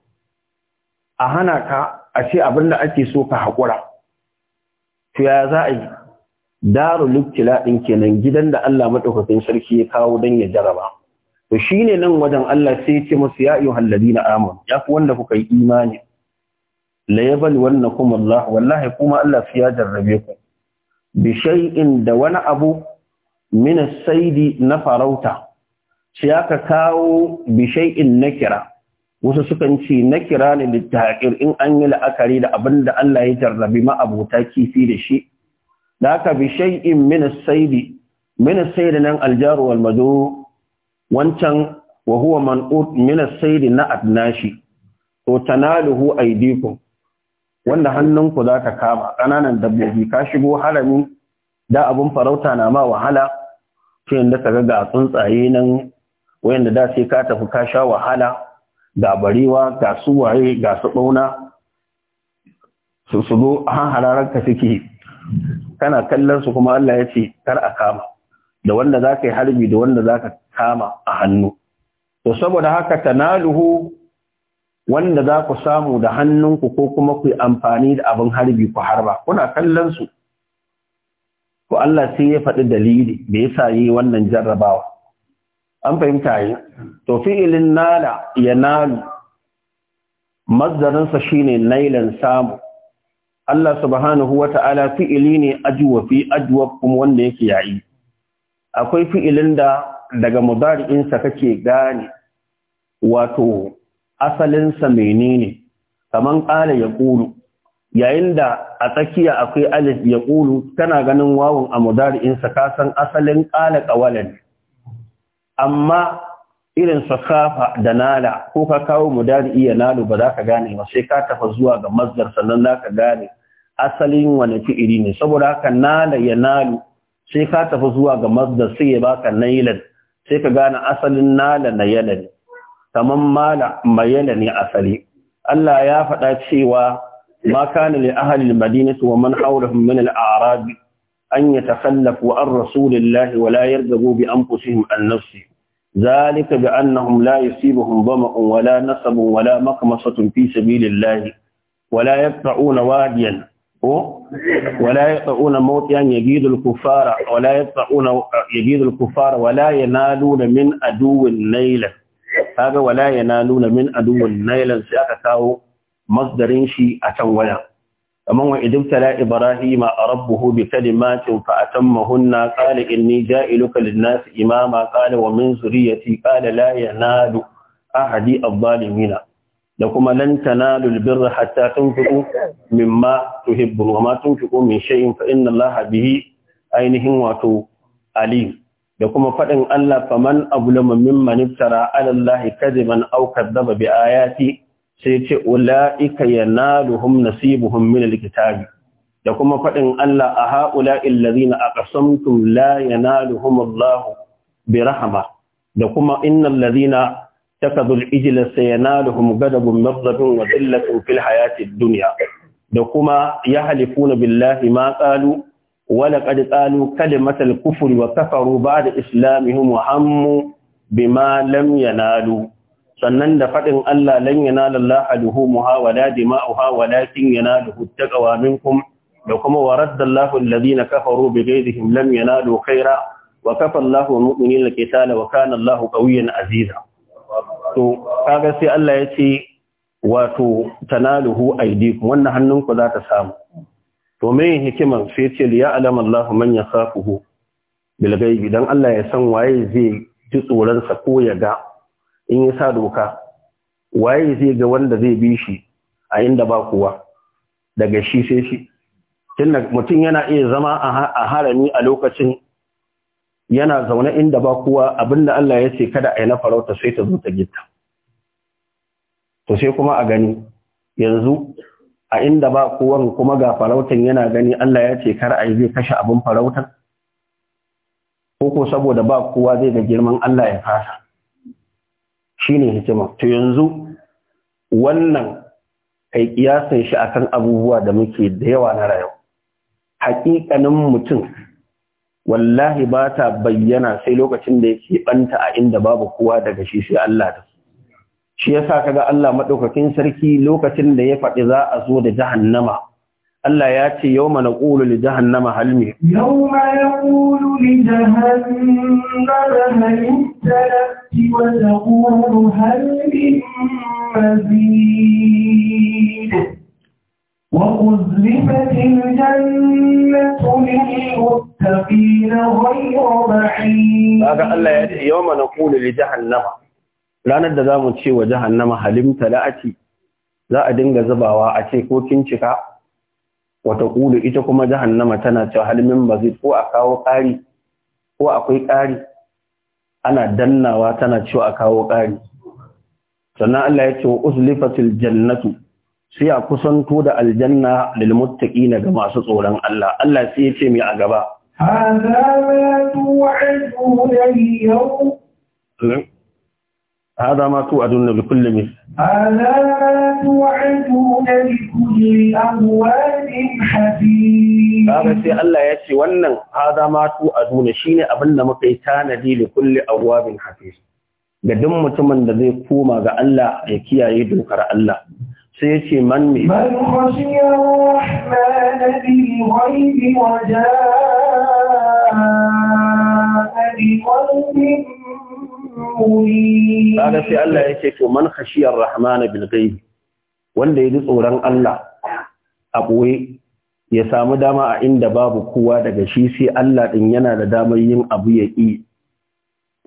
a hana ka a ce abin da ake so ka haƙura to ya za a yi daru luktila ɗin kenan gidan da Allah maɗaukakin sarki ya kawo don ya jaraba to shine nan wajen Allah sai ya ce musu ya ayyuhal ladina amanu ya ku wanda kuka yi imani la yabluwannakum Allah wallahi kuma Allah sai ya jarrabe ku bi shay'in da wani abu min as-saidi na farauta sai aka kawo bi shay'in nakira wasu sukan ce nakira ne littaqir in an yi la'akari da abin da Allah ya jarrabi ma abota kifi da shi da aka bi shay'in min as min as nan al-jaru wal wancan wa huwa man'ut min as-sayd na adnashi to tanaluhu aydikum wanda hannunku za ta kama ƙananan dabbobi ka shigo harami da abun farauta na ma wahala sai inda kaga ga tsuntsaye nan wayanda da sai ka tafi ka sha wahala ga barewa ga su waye ga su bauna su su zo a hararar ka suke kana kallon su kuma Allah ya ce kar a kama da wanda za ka yi harbi da wanda za ka kama a hannu to saboda haka tanaluhu wanda za ku samu da hannunku ko kuma ku yi amfani da abin harbi ku harba kuna kallon su ko Allah sai ya faɗi dalili da yasa yi wannan jarrabawa an fahimta yi to fi'ilin nala ya nalu mazdarinsa ne nailan samu Allah subhanahu wata'ala fi'ili ne ajwa fi kuma wanda yake yayi akwai fi'ilin da daga mudari'insa kake gane wato asalinsa menene kaman ƙala ya ƙulu yayin da a tsakiya akwai alif ya ƙulu tana ganin wawon a mudari'insa kasan asalin ƙala ƙawalan amma irin kafa da nala ko ka kawo mudari'i ya nalu ba za ka gane ba sai ka tafa zuwa ga mazdar sannan za ka gane asalin wani fi'iri ne saboda haka nala ya nalu sai ka tafi zuwa ga mazda sai ya baka nailan sai ka gane asalin nala na yalani kaman mala mayala ne asali Allah ya faɗa cewa ma kana li ahli al-madinah wa man hawlahum min al-a'rab an yatakhallafu an rasulillahi wa la yarghabu bi anfusihim an-nafsi ذلك بأنهم لا يصيبهم ظمأ ولا نصب ولا مقمصة في سبيل الله ولا يقطعون واديا ولا يطعون موطئا يجيد الكفار ولا يطعون يجيد الكفار ولا ينالون من عدو نيلا هذا ولا ينالون من عدو نيلا سيأتاه مصدر شيء أتولا أما وإذ ابتلى إبراهيم ربه بكلمات فأتمهن قال إني جائلك للناس إماما قال ومن ذريتي قال لا ينال أحد الظالمين da kuma lan tanalu albirra hatta tunfiqu mimma tuhibbu, wa ma tunfiqu min shay'in fa inna Allaha bihi ainihin wato alim da kuma faɗin Allah faman abulama mimman iftara ala Allah kadiban aw kadzaba bi ayati sai ce ulaika yanaluhum nasibuhum min alkitabi da kuma faɗin Allah a haula illazina aqsamtum la yanaluhum Allah bi rahma da kuma innal ladina takadul ijlan sayanaluhum ghadabun min rabbihim wa dhillatun fil hayatid dunya da kuma ya halifuna billahi ma qalu wa laqad qalu kalimatal kufri wa kafaru ba'da islamihim wa hammu bima lam yanalu sannan da faɗin Allah lan yanala Allah aluhumuha wala dima'uha walakin yanaluhu taqwa minkum da kuma waradda Allah alladhina kafaru bighayrihim lam yanalu khaira wa kafa Allah almu'minina alqitala wa kana Allah qawiyyan aziza to kaga sai Allah ya ce wato tanaluhu aydikum wannan hannunku za ta samu to me hikiman sai ce ya alama Allah man yakhafuhu bil ghaibi dan Allah ya san waye zai ji tsoron sa ko ya ga in ya sa doka waye zai ga wanda zai bi shi a inda ba kowa daga shi sai shi tunda mutum yana iya zama a harami a lokacin yana zaune inda ba kowa abinda Allah ya ce kada a yi na farauta sai ta zo ta gita. To sai kuma a gani yanzu a inda ba kowan kuma ga farautan yana gani Allah ya ce kar a yi zai kashe abin farautan? Ko ko saboda ba kowa zai ga girman Allah ya fasa. Shi ne hikima. To yanzu wannan kai kiyasan shi akan abubuwa da muke da yawa na rayuwa. Hakikanin mutum wallahi ba ta bayyana sai lokacin da yake banta a inda babu kowa daga shi sai Allah ta shi yasa kaga Allah madaukakin sarki lokacin da ya faɗi za a zo da jahannama Allah ya ce yawma naqulu li jahannama hal mi yawma yaqulu li jahannama wa mazid وأزلفت الجنة للمتقين غير بعيد هذا الله يوم نقول ranar da za mu ce wa nama Halim la'ati za a dinga zubawa a ce ko kin cika wata kulu ita kuma nama tana cewa halimin ba ko a kawo ƙari ko akwai ƙari ana dannawa tana cewa a kawo ƙari sannan Allah ya ce wa uzlifatil jannatu sai a kusanto da aljanna lil muttaqina ga masu tsoron Allah Allah sai ya ce mai a gaba hadha ma tu'aduna yawm هذا ما توعدون لكل مثل هذا ما توعدون لكل أموال حفيظ هذا سي الله يسي ونن هذا ما توعدون شين أبن مقيتان دي لكل أواب حفيظ قدم متمن ذي كوما ذا الله يكيا يدنكر الله sai من man mai خشي الرحمن بالغيب وجاء بقلب منيب هذا في الله يتي من wanda ya ji tsoron Allah a ɓoye ya samu dama a inda babu kowa daga shi sai Allah ɗin yana da damar yin abu ya ƙi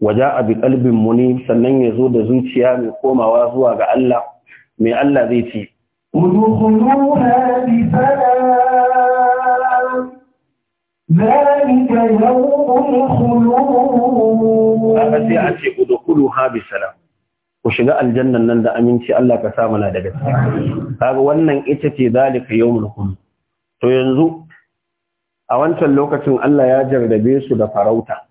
waja bi kalbin muni sannan ya zo da zuciya mai komawa zuwa ga Allah mai Allah zai ce Aka sai a udukulu ha bi salam ku shiga aljannan nan da aminci Allah ka sa mana daga kaga wannan ita ce zalika yawmul khulud to yanzu a wancan lokacin Allah ya jarrabe su da farauta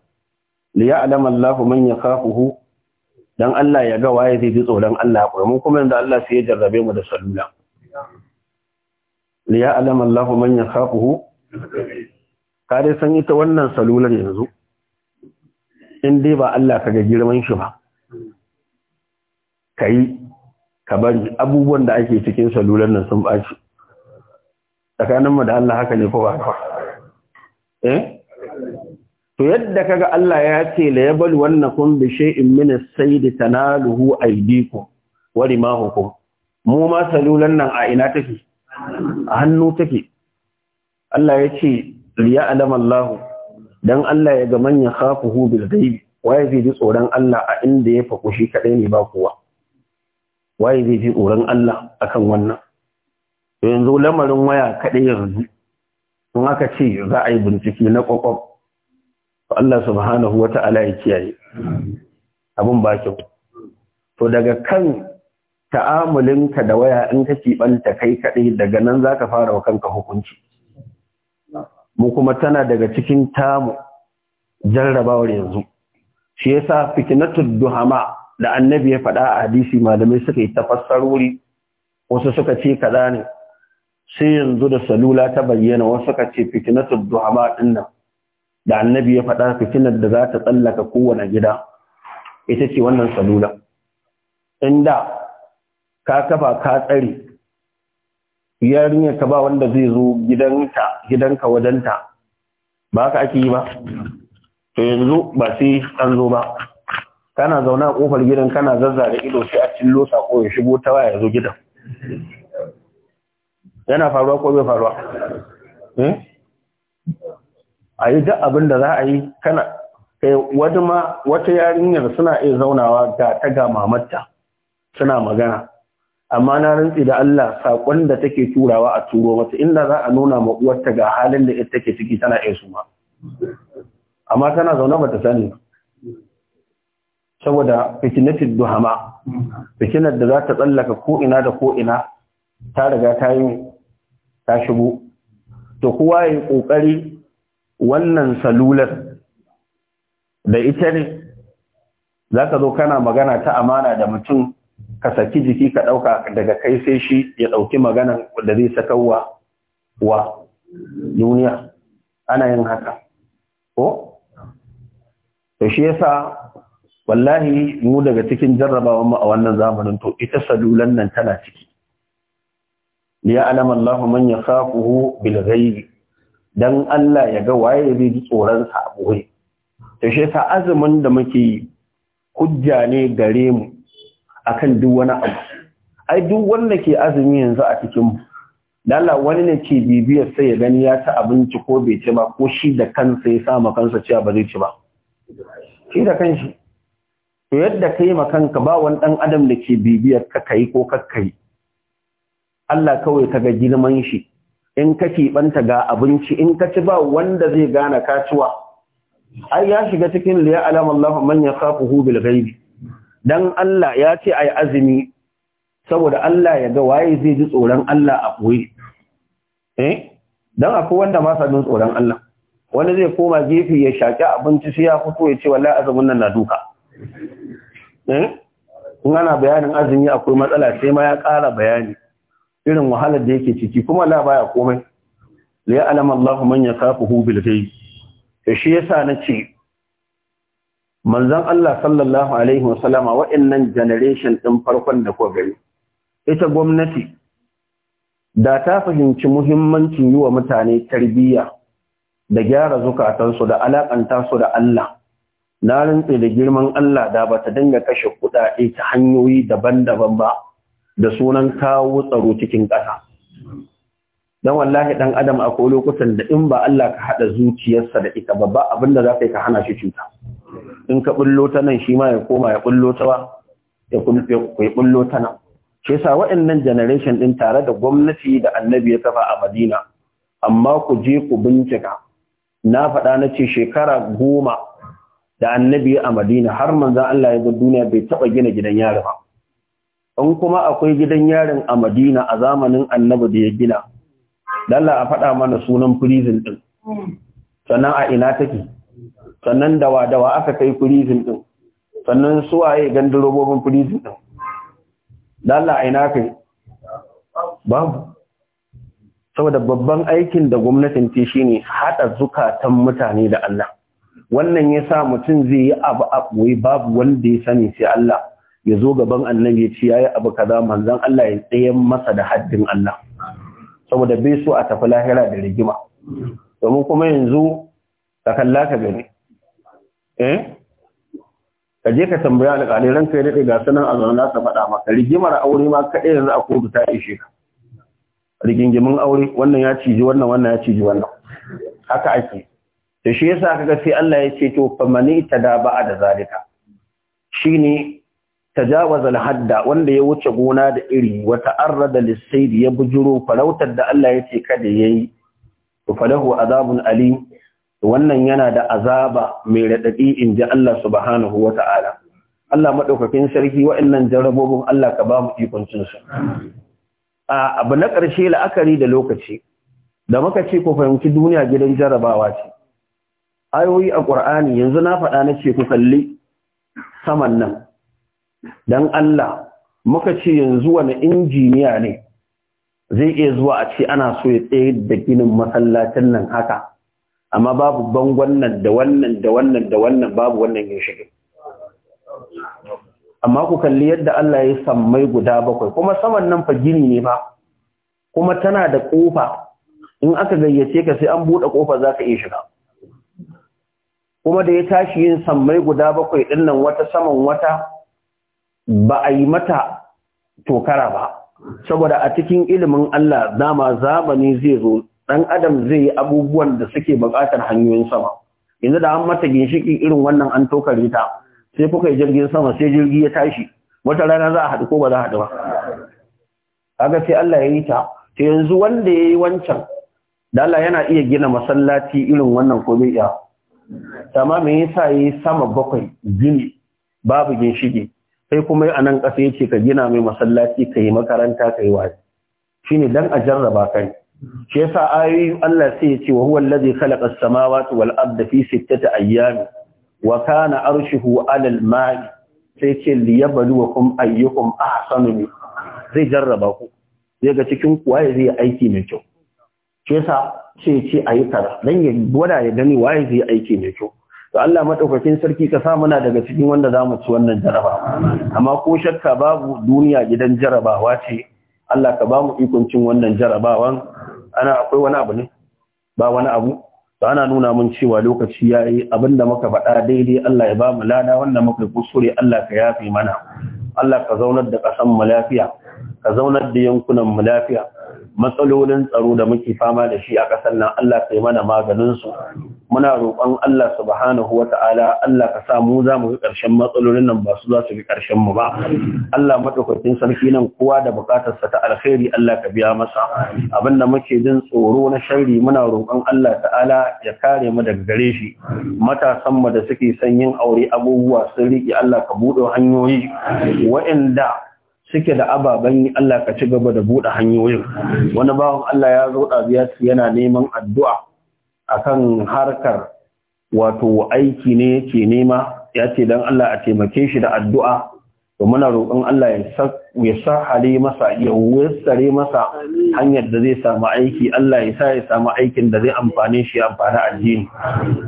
Liya ya'lama Allahu man yakhafuhu dan Allah ya ga waye zai ji tsoron Allah ko mu kuma yanzu Allah sai ya jarrabe mu da salula liya ya'lam Allah man yakhafuhu kare san ita wannan salular yanzu in dai ba Allah ka ga girman shi ba kai ka bari abubuwan da ake cikin salular nan sun baci mu da Allah haka ne ko ba eh to yadda kaga Allah ya ce la yabalu wannakum bi shay'in min as-sayd tanaluhu aydikum wa rimahukum mu ma salulan nan a ina take a hannu take Allah ya ce liya Allah dan Allah ya ga man ya khafuhu bil ghaibi waye zai ji tsoron Allah a inda ya faku shi kadai ne ba kowa waye zai ji tsoron Allah akan wannan yanzu lamarin waya kadai yanzu kun aka ce za a yi bincike na kwakwab Allah subhanahu wa ta'ala ya kiyaye abin ba kyau to daga kan ta'amulinka da waya in ka ɓanta kai kaɗai daga nan za ka fara wa kanka hukunci mu kuma tana daga cikin tamu jarrabawar yanzu shi yasa fitnatul duhama da annabi ya faɗa a hadisi malamai suka yi tafassaruri wasu suka ce kaɗa ne sai yanzu da salula ta bayyana wasu suka ce fitnatul duhama din nan da annabi ya faɗa fitinar da za ta tsallaka kowane gida ita ce wannan salula inda ka kafa ka tsare yarinyar ka ba wanda zai zo gidanka gidanka wajenta ba ka ake yi ba to yanzu ba sai an zo ba kana zauna a kofar gidan kana zazzare ido sai a cillo sako ya shigo ta waya ya zo gidan yana faruwa ko bai faruwa eh? a yi duk abin da za a yi kana eh, wata ma wata yarinyar suna iya zaunawa ga ta ga mamarta suna magana amma na rantsi da Allah sakon da take turawa a turo mata inda za a nuna ma uwarta ga halin da ita take ciki tana iya suma amma tana zaune bata sani saboda fitinatul duhama fitinar da za ta tsallaka ko ina da ko ina ta riga ta yi ta shigo to kowa ya kokari wannan salular da ita ne za ka zo kana magana ta amana da mutum ka saki jiki ka ɗauka daga kai sai shi ya ɗauki maganan da zai sakawa wa duniya ana yin haka ko? to shi yasa wallahi mu daga cikin jarrabawan mu a wannan zamanin to ita salulan nan tana ciki liya alama Allah man yakhafuhu bil ghaibi dan Allah ya ga waye zai ji tsoronsa a boye to shi sa azumin da muke hujja ne gare mu akan duk wani abu ai duk wanda ke azumi yanzu a cikin mu Allah wani ne ke bibiyar sai ya gani ya ci abinci ko bai ci ba ko shi da kansa ya sa kansa cewa ba zai ci ba shi da kanshi to yadda kai kanka ba wani dan adam da ke bibiyar ka kai ko kakkai Allah kawai ka ga girman shi in ka keɓanta ga abinci in ka ci ba wanda zai gane kaciwa ai ya shiga cikin liya alama Allah man ya kafu hu bil ghaibi dan Allah ya ce ai azumi saboda Allah ya ga waye zai ji tsoron Allah a koyi eh dan akwai wanda ma sa tsoron Allah wani zai koma gefe ya shaki abinci sai ya fito ya ce wallahi azumin nan na duka eh in ana bayanin azumi akwai matsala sai ma ya ƙara bayani irin wahalar da yake ciki kuma la baya komai la ya'lam Allahu man yakafuhu bil ghaib to shi yasa nace manzon Allah sallallahu alaihi wasallama wa'annan generation din farkon da ko gari ita gwamnati da ta fahimci muhimmancin yi wa mutane tarbiyya da gyara zukatansu da alakanta su da Allah na rantse da girman Allah da ba ta dinga kashe kuɗaɗe ta hanyoyi daban-daban ba da sunan kawo tsaro cikin ƙasa Don wallahi ɗan adam akwai lokutan da in ba Allah ka haɗa zuciyarsa da ita ba ba abinda za ka yi ka hana shi cuta in ka ɓullo ta nan shi ma ya koma ya ɓullo ta ba ya ɓullo ta nan Ke sa waɗannan generation ɗin tare da gwamnati da annabi ya kafa a Madina amma ku je ku bincika na faɗa na ce shekara goma da annabi a Madina har manzon Allah ya zo duniya bai taɓa gina gidan yari ba in kuma akwai gidan yarin a Madina a zamanin annabi da ya gina Allah a faɗa mana sunan prison ɗin sannan a ina take sannan dawa dawa aka kai prison ɗin sannan suwaye gandurobobin prison ɗin Allah a ina kai babu saboda babban aikin da gwamnatin ce shine haɗa zukatan mutane da Allah wannan ya sa mutum zai yi abu a babu wanda ya sani sai Allah ya zo gaban annabi ya ce yayi abu kaza manzon Allah ya tsaye masa da haddin Allah saboda bai so a tafi lahira da rigima domin kuma yanzu ka kalla ka gani eh ka je ka tambaya alƙalai ranka ya daɗe ga sanan azan zaune ta faɗa maka rigimar aure ma kaɗai yanzu a kotu ta ishe ka rigingimin aure wannan ya ciji wannan wannan ya ciji wannan haka ake da shi yasa kaga sai Allah ya ce to famani ta tada ba'a da zalika shine tajawaza hadda wanda ya wuce gona da iri wa ta'arrada lis-sayd ya bujuro farautar da Allah yace kada yayi yi. falahu azabun alim wannan yana da azaba mai radadi inji Allah subhanahu wata'ala Allah madaukakin sarki wa'annan jarabobin Allah ka ba mu cin su a abu na ƙarshe la'akari da lokaci da muka ce ku fahimci duniya gidan jarabawa ce ayoyi a ƙur'ani yanzu na faɗa na ce ku kalli saman nan dan Allah muka ce yanzu wani injiniya ne zai iya zuwa a ce ana so ya tsaye da ginin masallacin nan haka amma babu bangon nan da wannan da wannan da wannan babu wannan yin amma ku kalli yadda Allah ya sammai guda bakwai kuma saman nan fa gini ne ba kuma tana da kofa in aka gayyace ka sai an buɗe kofa za ka iya shiga kuma da ya tashi yin sammai guda bakwai ɗinnan wata saman wata ba a yi mata tokara ba saboda a cikin ilimin Allah dama zamani zai zo ɗan adam zai yi abubuwan da suke buƙatar hanyoyin sama yanzu da an mata ginshiki irin wannan an tokare ta sai kuka yi jirgin sama sai jirgi ya tashi wata rana za a haɗu ko ba za a haɗu ba Aga sai Allah ya yi ta ta yanzu wanda ya yi wancan da Allah yana iya gina masallaci irin wannan ko bai iya amma me yasa ya yi sama bakwai gini babu ginshiki sai kuma a nan ƙasa ya ka gina mai masallaci ka yi makaranta ka yi wazi shi ne don a jarraba ka ne shi yasa ayoyi Allah sai ya ce wa huwa allazi khalaqa as-samawati wal arda fi sittati ayyam wa kana arshuhu 'ala al-ma'i sai ce liyabluwakum ayyukum ahsanu zai jarraba ku zai ga cikin ku waye zai aiki mai kyau shi yasa sai ce ayi dan ya gwada ya gani waye zai aiki mai kyau to Allah madaukakin sarki ka sa muna daga cikin wanda zamu ci wannan jaraba amma ko shakka babu duniya gidan jarabawa ce Allah ka ba mu ikon cin wannan jarabawan ana akwai wani abu ne ba wani abu to ana nuna mun cewa lokaci yayi abinda muka faɗa daidai Allah ya bamu mu lada wannan muka kusure Allah ka yafe mana Allah ka zaunar da kasan mu lafiya ka zaunar da yankunan mu lafiya matsalolin tsaro da muke fama da shi a ƙasar nan Allah ka yi mana maganinsu muna roƙon Allah subhanahu wata'ala Allah ka sa mu za mu ga ƙarshen matsalolin nan ba su za su bi ƙarshen mu ba Allah madaukakin sarki nan kowa da buƙatar sa ta alkhairi Allah ka biya masa abin da muke jin tsoro na sharri muna roƙon Allah ta'ala ya kare mu daga gare shi matasan mu da suke son yin aure abubuwa sun riƙe Allah ka buɗe hanyoyi wa'anda suke da ababen yi Allah ka ci gaba da buɗe hanyoyin wani bawan Allah ya zo ɗabiya yana neman addu'a a kan harkar wato aiki ne ke nema ya ce don Allah a taimake shi da addu'a to muna roƙon Allah ya sa hali masa ya wutsare masa hanyar da zai samu aiki Allah ya sa ya samu aikin da zai amfane shi amfani addini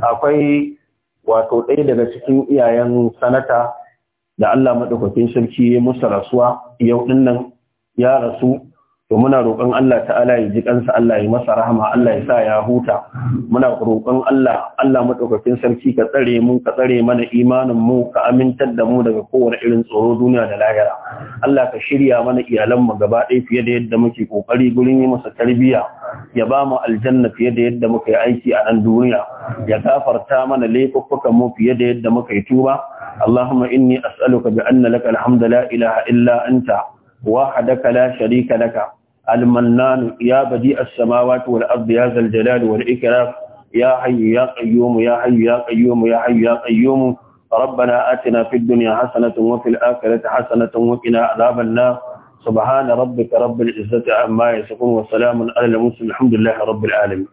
akwai wato ɗaya daga cikin iyayen sanata da Allah madaukakin sarki ya musu rasuwa yau din nan ya rasu to muna roƙon Allah ta'ala ya ji kansa Allah ya masa rahama Allah ya sa ya huta muna roƙon Allah Allah madaukakin sarki ka tsare mu ka tsare mana imanin mu ka amintar da mu daga kowane irin tsoro duniya da lahira Allah ka shirya mana iyalan mu gaba ɗaya fiye da yadda muke kokari gurin yi masa tarbiyya ya ba mu aljanna fiye da yadda muka yi aiki a nan duniya ya gafarta mana laifuffukan mu fiye da yadda muka yi tuba اللهم إني أسألك بأن لك الحمد لا إله إلا أنت وحدك لا شريك لك المنان يا بديع السماوات والأرض يا ذا الجلال والإكرام يا حي يا قيوم يا حي يا قيوم يا حي يا قيوم ربنا آتنا في الدنيا حسنة وفي الآخرة حسنة وقنا عذاب النار سبحان ربك رب العزة عما يصفون وسلام على المسلم الحمد لله رب العالمين